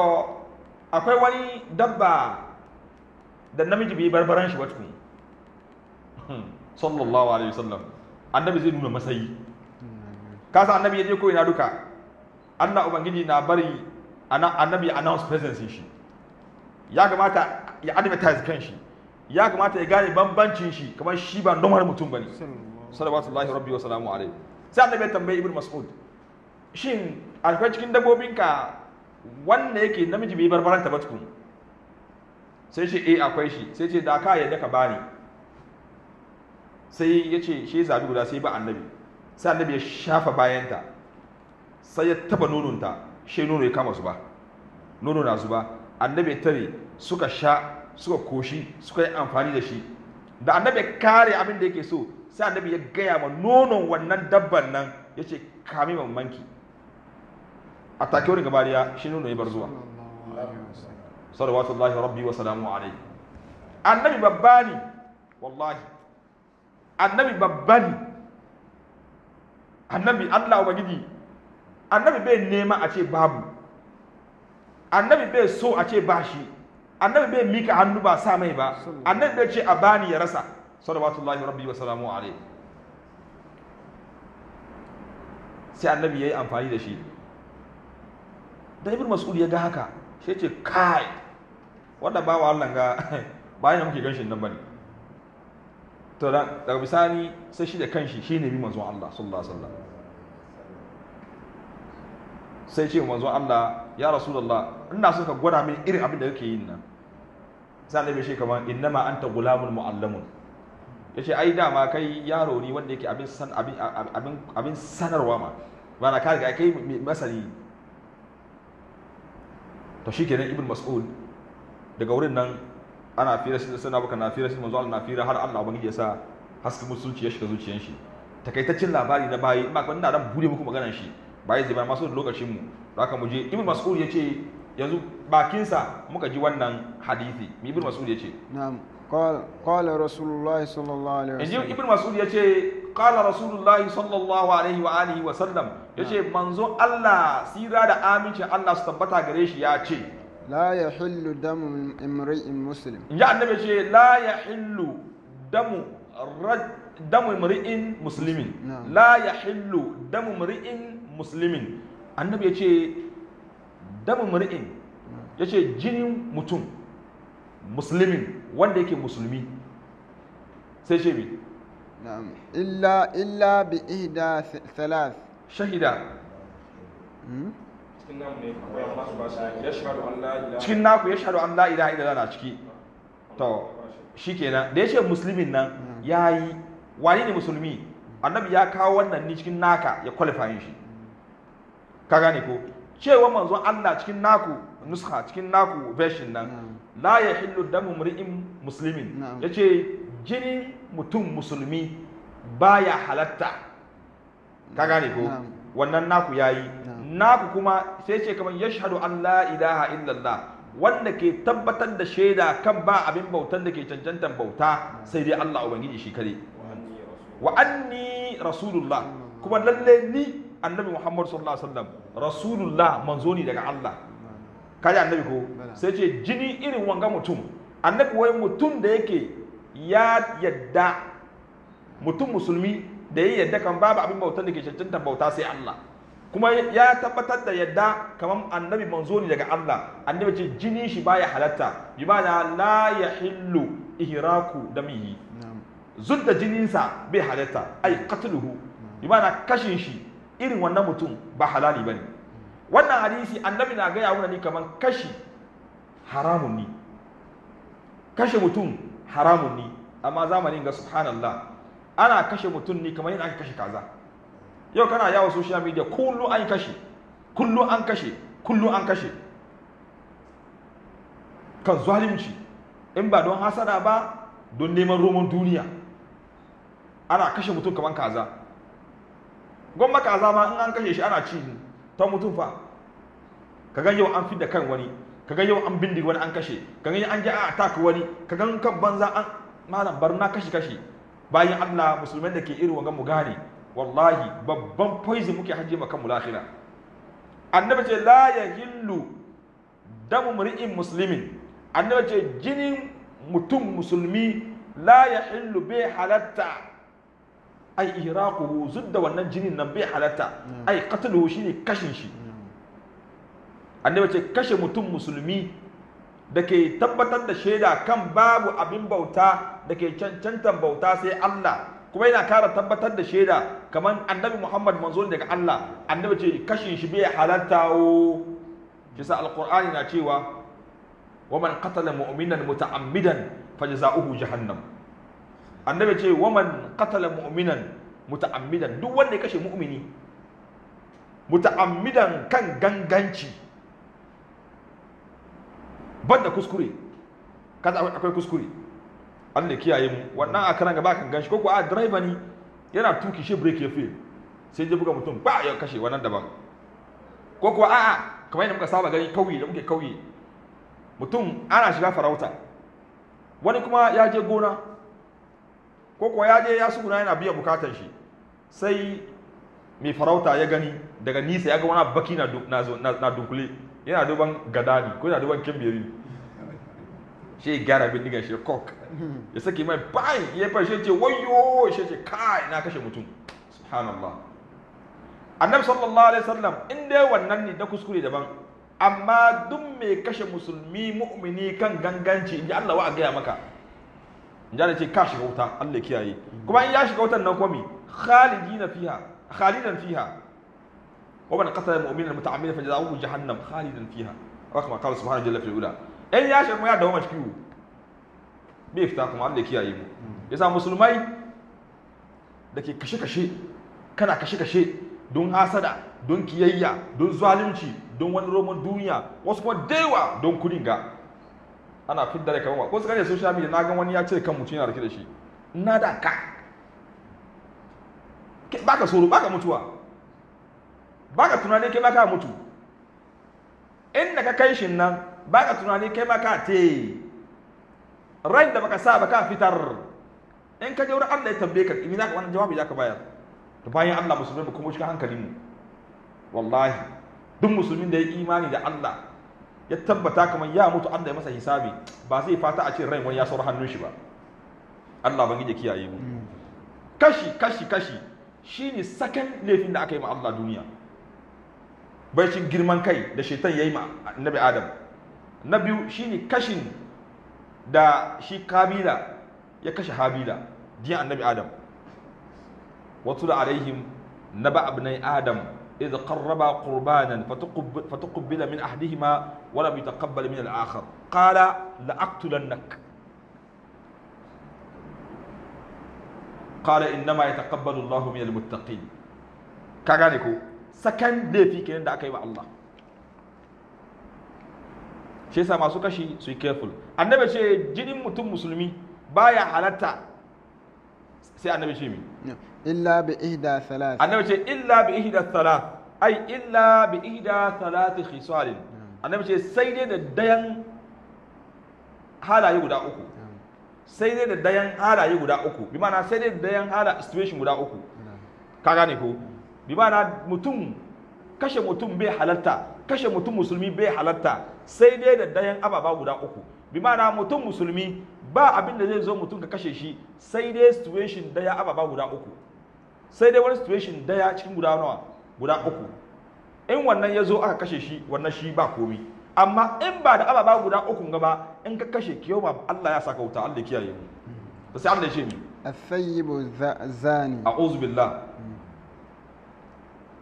akwai wani dabba da namiji bai barbaran shi wata sallallahu alaihi wasallam annabi zai nuna masayi kasa annabi ya je ko ina duka Allah ubangiji na bari annabi announce presence shi ya kamata ya advertise kan shi ya kamata ya gane bambancin shi kamar shi ba normal mutum bane sallallahu rabbi wa salamu alaihi sai annabi ya tambayi ibnu mas'ud shin akwai cikin dabbobinka wanda yake namiji bai barbaranta ba tukun sai ce eh akwai shi sai ce da ka yadda ka bani sai ya ce shi zabi guda sai ba annabi sai annabi ya shafa bayanta sai ya taba nononta shi nono ya kama su ba nono na zuba annabi tare suka sha suka koshi suka yi amfani da shi da annabi kare abin da yake so sai annabi ya gaya ma nonon wannan dabban nan ya ce kame manki a take wurin gabariya shi nono ya bar zuwa salawatullahi rabbi wa salamu alaihi annabi babba ne wallahi annabi babba ne annabi Allah ubangiji annabi bai nema a ce babu annabi bai so a ce ba shi annabi bai mika hannu ba sa mai ba annabi bai ce a bani ya rasa salawatullahi rabbi wa salamu alaihi sai annabi ya yi amfani da shi da ibir mas'ud ya ga haka sai ce kai wanda ba wa Allah ga bayan muke ganshin nan bane to daga bisani sai shi da kanshi shine bi manzon Allah sallallahu alaihi wasallam sai ce manzo Allah ya rasulullah ina so ka gwada min irin abin da kake yin nan sai annabi shi kamar innama anta gulamul muallamun yace ai dama kai yaro ne wanda yake abin san abin abin abin sanarwa ma bana ka riga kai masani to shikenan ibn mas'ud daga wurin nan ana fira shi suna baka na fira shi manzo Allah na fira har Allah ubangiji ya sa hasken musulunci ya shiga zuciyar shi takaitaccen labari na bayi ba da dan bude muku maganar shi ba zai zama masu lokacin mu haka mu je ibn mas'ud yace yanzu bakinsa muka ji wannan hadisi ibn mas'ud yace na'am qala rasulullahi sallallahu alaihi wasallam ibn mas'ud yace qala rasulullahi sallallahu alaihi wa alihi wa sallam yace manzo Allah sira da amincin Allah su tabbata gare shi ya ce la yahillu damu imri'in muslim ya annabi ce la yahillu damu damu imri'in muslimin la yahillu damu imri'in muslimin annabi ya ce damin mur'in ya ce jinin mutum muslimin wanda yake musulmi sai ce bi illa illa bi ihda salas. shahida hmm? cikin naku ya shahadu an la'ida ilaha illallah na ciki to shi kenan da ya ce musulmin nan hmm. ya yi wani ne musulmi annabi ya kawo wannan ni cikin naka ya kwalifayin shi ka gane ko cewa manzon Allah cikin naku nuska cikin naku version nan hmm. la hillu damu mri'in muslimin yace jini mutum musulmi baya halatta ka gane ko wannan naku yayi naku kuma sai ce kamar yashhadu an la ilaha illallah wanda ke tabbatar da shaida kan ba abin bautan da ke cancantar bauta sai dai Allah ubangiji shi kare wa'anni anni rasulullah kuma lalle ni annabi muhammad sallallahu alaihi wasallam rasulullah manzo ne daga allah kaji annabi ko sai ce jini irin wanga mutum annabi wai mutum da yake ya yadda mutum musulmi da ya yadda kan babu abin bautar da ke cancanta bauta sai allah kuma ya tabbatar da yadda kamar annabi manzo ne daga Allah annabi ce jini shi baya halatta bi da la yahillu ihraku damihi zudda jininsa bai halatta ai qatluhu bi bana kashin shi irin wannan mutum ba halali ba ne wannan hadisi annabi na gaya wuna ni kaman kashi haramun ni kashe mutum haramun ni amma zamanin ga subhanallah ana kashe mutum ne kamar yadda aka kashe kaza yau kana yawo social media kullu an kashe kullu an kashe kullu an kashe kan zalunci in ba don hasada ba don neman roman duniya ana kashe mutum kamar kaza gwamma kaza ma in an kashe shi ana ci ta mutum fa ka gan yau an da kan wani ka gan yau an bindiga wani an kashe ka ga an ji a attack wani ka ga kan banza an malam na kashi kashi bayan Allah musulmai da ke irin wangan mu gane wallahi babban poison muke haje maka mu lahira annabi ce la yahillu damu mri'in muslimin annabi ce jinin mutum musulmi la yahillu bai halatta ai ihraquhu zudda wannan jinin nan bai halatta hmm. ai qatluhu shine kashin shi hmm. annabi ce kashe mutum musulmi da ke tabbatar da shaida kan babu abin bauta da ke cancantan bauta sai Allah kuma yana kara tabbatar da shaida kamar annabi Muhammad manzo daga Allah annabi ce kashin shi bai halatta o shi sa alqur'ani na cewa wa man qatala mu'minan muta'ammidan fajza'uhu jahannam annabi ce waman qatala mu'minan muta'ammidan duk wanda ya kashe mu'mini muta'ammidan kan ganganci banda kuskure kada akwai kuskure Allah kiyaye mu wannan a karan gaba kan ganshi ko ko a driver ni yana tuki shi break ya fail sai je buga mutum ba ya kashe wannan daban ko ko a'a kamar yadda muka saba gani kauye da muke kauye mutum ana shiga farauta wani kuma ya je gona ko kuwa ya je ya suguna yana biya bukatar shi sai mai farauta ya gani daga nisa ya ga wani baki na dunkule yana duban gadani ko yana duban kimbiri shi gyara bin digan shi kok ya saki mai bayan ya shi ce wayo shi ce kai na kashe mutum subhanallah annabi sallallahu alaihi wasallam in dai wannan ne na kuskure daban amma duk mai kashe musulmi mu'mini kan ganganci in ji Allah wa ga maka da ce ka shiga wuta Allah kiyaye kuma in ya shiga wutan nan komi khalidina fiha khalidan fiha wa man qatala mu'minan muta'ammidan jazaohu jahannam khalidan fiha rakama qala subhanahu jalla fil ula in ya shiga kuma ya dawo cikin wu bai fita kuma Allah kiyaye mu yasa musulmai da ke kashe-kashe kana kashe-kashe don hasada don kiyayya don zalunci don wani roman duniya wasu kuma daiwa don kudin ga ana fidda da kamar ko tsakanin social media na ga wani ya ce kan mutum yana rike da shi na da ka baka tsoro baka mutuwa baka tunani kai maka mutu inda ka kai shin nan baka tunani kai maka te rai da baka sa baka fitar in ka je wurin Allah ya tambaye ka imi zaka wannan jawabi zaka bayar to bayan Allah musulmi mu kuma cikin hankalin mu wallahi duk musulmin da ya imani da Allah ya tabbata kamar ya mutu Allah ya masa hisabi ba zai fata a ce rai wani ya saura hannun shi ba Allah ban gida kiyaye mu mm. kashi kashi kashi shi ne sakan laifin da aka yi ma Allah duniya baicin girman kai da shaitan ya yi ma annabi Adam na biyu ne kashin da shi kabila ya kashe habila diyan annabi Adam wasu da alaihim na ba abinai Adam إذا قربا قربانا فتقبل, فتقبل من أحدهما ولم يتقبل من الآخر قال لأقتلنك قال إنما يتقبل الله من المتقين كغانيكو سكن دي في كنن دا أكاي الله shi yasa سوكا kashi سوي كيفل النبي annabi ce jinin مسلمي بايا حالتا halatta النبي annabi ce mi illa bi ihda salat annabi ce illa bi ihda salat ai illa bi ihda salat khisal annabi ce sai dai da dayan halaye guda uku sai dai da dayan halaye guda uku bi ma'ana sai dai da dayan hala situation guda uku ka gane ko bi ma'ana mutum kashe mutum bai halarta kashe mutum musulmi bai halarta sai dai da dayan ababa guda uku bi ma'ana mutum musulmi ba abin da zai zo mutum ka kashe shi sai dai situation daya ababa guda uku sai dai wani situation daya cikin guda nawa guda uku in wannan ya zo aka kashe shi wannan shi ba komi amma in ba da ababa guda uku gaba in ka kashe kiyoma Allah ya saka wuta Allah ya kiyaye mu to sai Allah ya ce mi athayibu zani a'udhu billah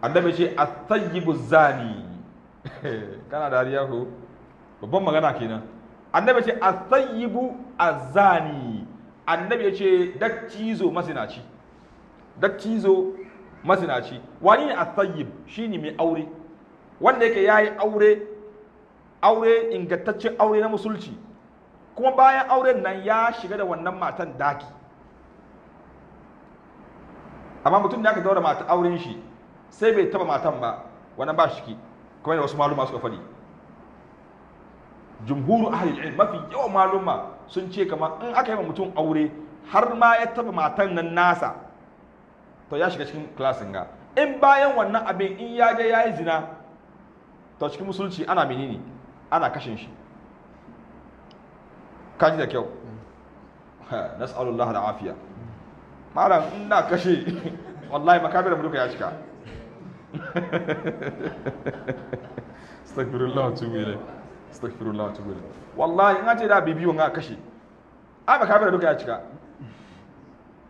annabi ce athayibu zani kana dariya ko babban magana kenan annabi ce athayibu azani annabi ya ce dakci zo masinaci dattizo masinaci wani ne athayyib shine mai aure wanda yake yayi aure aure ingantaccen aure na musulci kuma bayan auren nan ya shiga da wannan matan daki amma mutum da aka daura mata auren shi sai bai taba matan ba wannan ba shi kuma da wasu maluma suka faɗi jumhuru a ilm mafi yawan maluma sun ce kamar in aka yi mutum aure har ma ya taba matan nan nasa to ya shiga cikin klasin ga in bayan wannan abin in ya je ya yi zina to cikin musulci ana menene ana kashin shi kaji da kyau nas'alullah da afiya malam ina kashe wallahi makabir mu duka ya cika astaghfirullah wa tubu ilayh astaghfirullah wa tubu ilayh wallahi in ce da bibiyo nga kashe ai makabir duka ya cika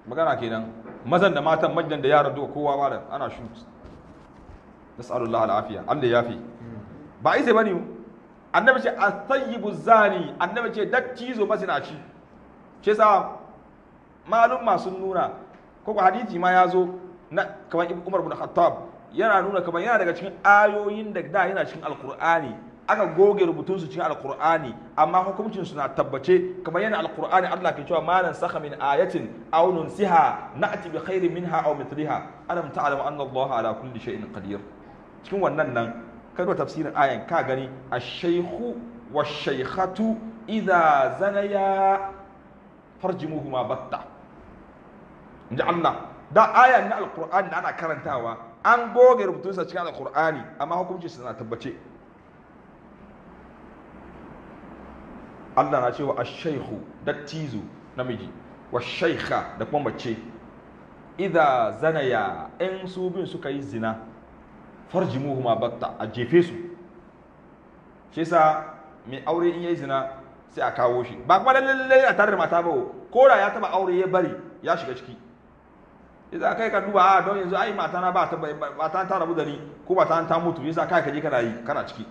magana kenan mazan da matan majdan da yaran duka kowa malam ana shoot nas'alullah al'afiya Allah ya fi ba isa mu annabi ce at-tayyibu zani annabi ce dattizo masinaci ce sa malum masu nuna ko hadisi ma ya zo na kamar Umar bin Khattab yana nuna kamar yana daga cikin ayoyin da da yana cikin Alkur'ani aka goge rubutunsu cikin alkur'ani amma hukuncinsu na tabbace kamar yana alkur'ani Allah ke cewa malan saka min ayatin aw nunsiha na'ti bi khairin minha aw mithliha alam anna Allah ala kulli shay'in qadir cikin wannan nan kai da tafsirin ayan ka gani ash-shaykhu wa shaykhatu idza zanaya farjimuhuma batta inji Allah da ayan na alkur'ani ana karantawa an goge rubutunsa cikin alkur'ani amma hukuncinsu na tabbace Allah na cewa ash-shaykhu dattizo namiji wa da kuma mace idza zanaya in su bin suka yi zina ma batta a jefe su shi yasa mai aure in yayi zina sai a kawo shi ba kuma lalle a tare mata ba ko da ya taba aure ya bari ya shiga ciki idan kai ka duba a ah, don yanzu ai mata na ba ta ba ta rabu da ni ko ba ta ta mutu yasa kai ka je kana yi kana ciki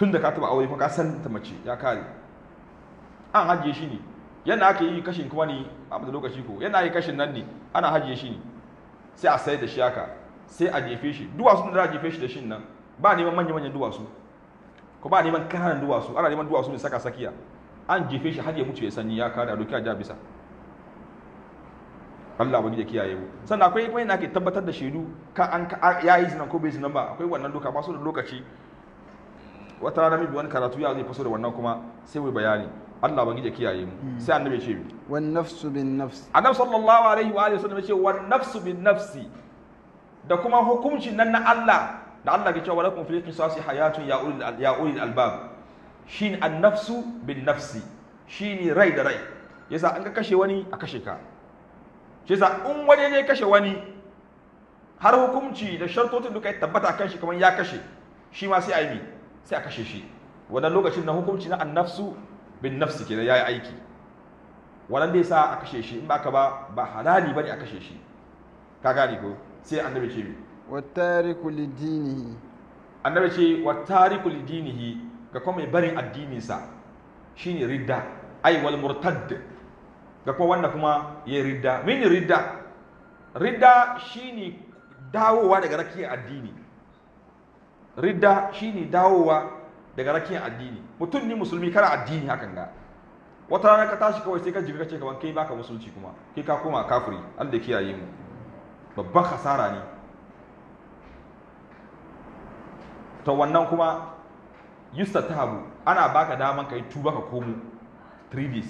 tun da ka taba aure kuma ka san ta mace ya kare an hajiye shi ne yana ake yi kashin kuma ne a mata lokaci ko yana yi kashin nan ne ana hajiye shi ne sai a sayar da shi haka sai a jefe shi duwatsu da a jefe shi da shi nan ba neman manya manyan duwatsu ko ba neman kanan duwatsu ana neman duwatsu ne saka sakiya an jefe shi har ya mutu ya sanyi ya kare a doki a bisa Allah wani da kiyaye mu sannan akwai kuma yana ke tabbatar da shaidu ka an ya yi zinan ko bai zinan ba akwai wannan doka ba su da lokaci wata rana mai wani karatu ya zai faso da wannan kuma sai wai bayani Allah ban gije kiyaye mu hmm. sai annabi ya ce wan nafsu bin nafsi annabi sallallahu alaihi wa alihi wasallam ya ce wan nafsu bin nafsi da kuma hukuncin nan na Allah da Allah ya ce cewa lakum fil qisasi hayatun ya ulil ya ulil albab shin an nafsu bin nafsi shine rai da rai yasa an ka kashe wani a kashe ka shi yasa in wani ne kashe wani har hukunci da shartotin duka ya tabbata kan shi kamar ya kashe shi ma sai a yi sai a kashe shi wannan lokacin na hukunci na annafsu bin nafsi kenan yayi aiki wannan dai sa a kashe shi in baka ba ba halali bane a kashe shi ka gane ko sai annabi ce mi wattariku lidinihi annabi ce wattariku lidinihi ga kuma mai barin addininsa shine ridda ai wal murtad ga kuma wanda kuma ya ridda mini ridda ridda shine dawowa daga rakiyar addini ridda shine dawowa daga rakin addini mutum ne musulmi kana addini hakan ga wata rana ka tashi kawai sai ka jibi kace kaman kai baka musulci kuma kai ka koma kafiri Allah ya kiyaye mu babban hasara ne to wannan kuma tahabu ana baka daman kai tuba ka komo 3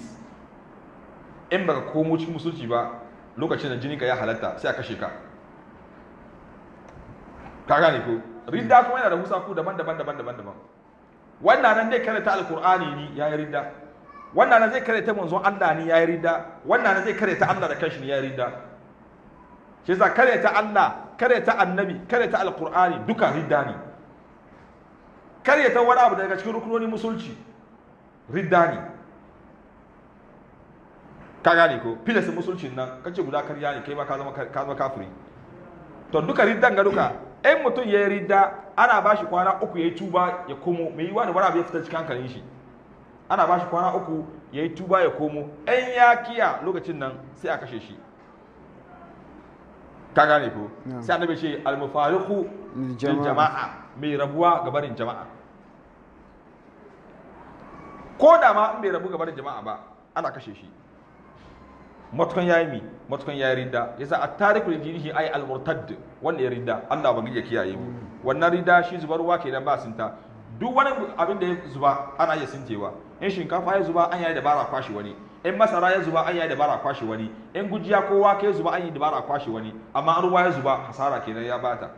in baka komo cikin musulci ba lokacin da jini ka ya halatta sai a kashe ka ka gane ko ridda kuma yana da husaku daban daban daban daban daban wannan nan zai karanta alqur'ani ni yayi ridda wannan nan zai karanta manzon Allah ni yayi ridda wannan nan zai karanta Allah da kanshi ni yayi ridda shi yasa karanta Allah karanta annabi karanta alqur'ani duka ridda ne karanta wani abu daga cikin rukunoni musulci ridda ne ka gane ko filas musulcin nan kace guda karya ne kai ba ka zama ka zama kafiri to duka riddan ga duka in mutum ya rida ana ba shi kwana uku ya yi tuba ya komo mai yiwa wani abu ya fita cikin hankali shi ana ba shi kwana uku ya yi tuba ya komo in ya kiya lokacin nan sai a kashe shi ka gane ko sai annabi ce al-mufariqu jama'a mai rabuwa gabarin jama'a ko da ma in bai rabu gabarin jama'a ba ana kashe shi matukan yayi mi matukan yayi ridda yasa at-tariq li dinihi ay al-murtadd wanda ya ridda Allah ban ya kiyaye mu wannan ridda shi zubarwa kenan ba sinta duk wani abin da ya zuba ana iya sintewa in shinkafa ya zuba an yayi dabara kwashi wani in masara ya zuba an yayi dabara kwashi wani in gujiya ko wake ya zuba an yi dabara kwashi wani amma an ruwa ya zuba hasara kenan ya bata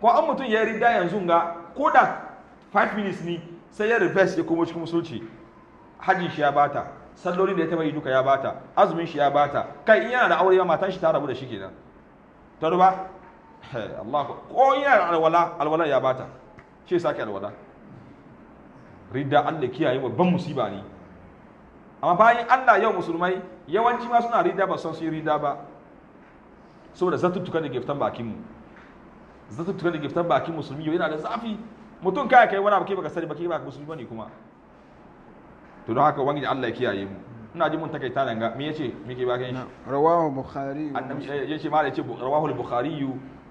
ko an mutum ya ridda yanzu ga ko da 5 minutes ni sai ya reverse ya komo cikin musulci hajji shi ya bata sallolin da ya taba yi duka ya bata azumin shi ya bata kai in yana da aure ma matan shi ta rabu da shi kenan ta ruba Allah ko in yana da alwala alwala ya bata ce sake alwala ridda Allah kiyaye babban musiba ne amma bayan Allah yau musulmai yawanci ma suna ridda ba san su yi ridda ba saboda zatuttukan da giftan bakin mu zatuttuka da giftan bakin musulmi yau yana da zafi mutum kai kai wani abu ke baka sani ba ke ba musulmi bane kuma to don haka wangiji Allah ya kiyaye mu ina ji mun ta nan ga me yace muke ba kan shi rawahu bukhari annabi eh, yace mala yace rawahu bukhari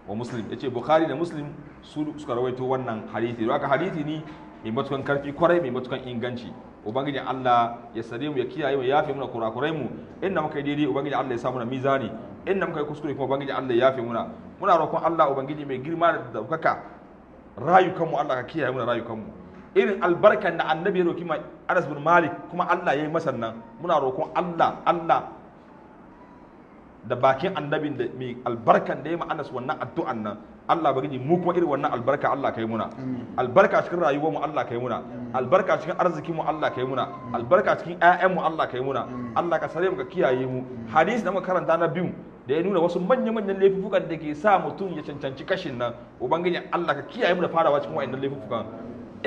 wa muslim yace bukhari da muslim su suka rawaito wannan hadisi don haka hadisi ni mai matukan karfi kwarai mai matukan inganci ubangiji Allah ya sare mu ya kiyaye mu ya fi muna kurakurai mu inda muka yi daidai ubangiji Allah ya sa muna mizani inda muka yi kuskure kuma ubangiji Allah ya yafe muna muna roƙon Allah ubangiji mai girma da daukaka rayukan mu Allah ka kiyaye muna rayukan mu irin albarkan da annabi ya roki ma Anas bin Malik kuma Allah ya yi masa nan muna roƙon Allah Allah da bakin annabi da mai albarkan da ya yi Anas wannan addu'an nan Allah ba mu kuma irin wannan albarka Allah kai muna albarka cikin rayuwar mu Allah kai muna albarka cikin arziki mu Allah kai muna albarka cikin ƴaƴan mu Allah kai muna Allah ka sare mu ka kiyaye mu hadisi da muka karanta na biyu da ya nuna wasu manyan manyan laifukan da ke sa mutum ya cancanci kashin nan ubangiji Allah ka kiyaye mu da farawa cikin wa'annan laifukan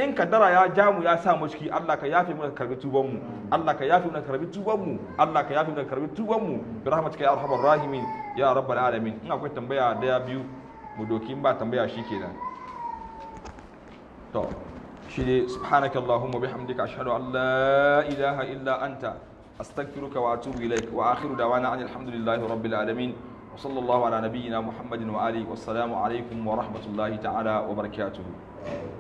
in kaddara ya ja mu ya sa mu ciki Allah ka yafe mu ka karbi tuban mu Allah ka yafe mu ka karbi tuban mu Allah ka yafe mu ka karbi tuban mu bi rahmatika ya arhamar rahimin ya rabbal alamin in akwai tambaya daya biyu mu doki in ba tambaya shikenan to shi ne subhanaka allahumma bihamdika ashhadu an la ilaha illa anta astaghfiruka wa atubu ilaik wa akhiru dawana an hamdulillahi rabbil alamin وصلى الله على نبينا wa وآله والسلام wa ورحمة الله wa وبركاته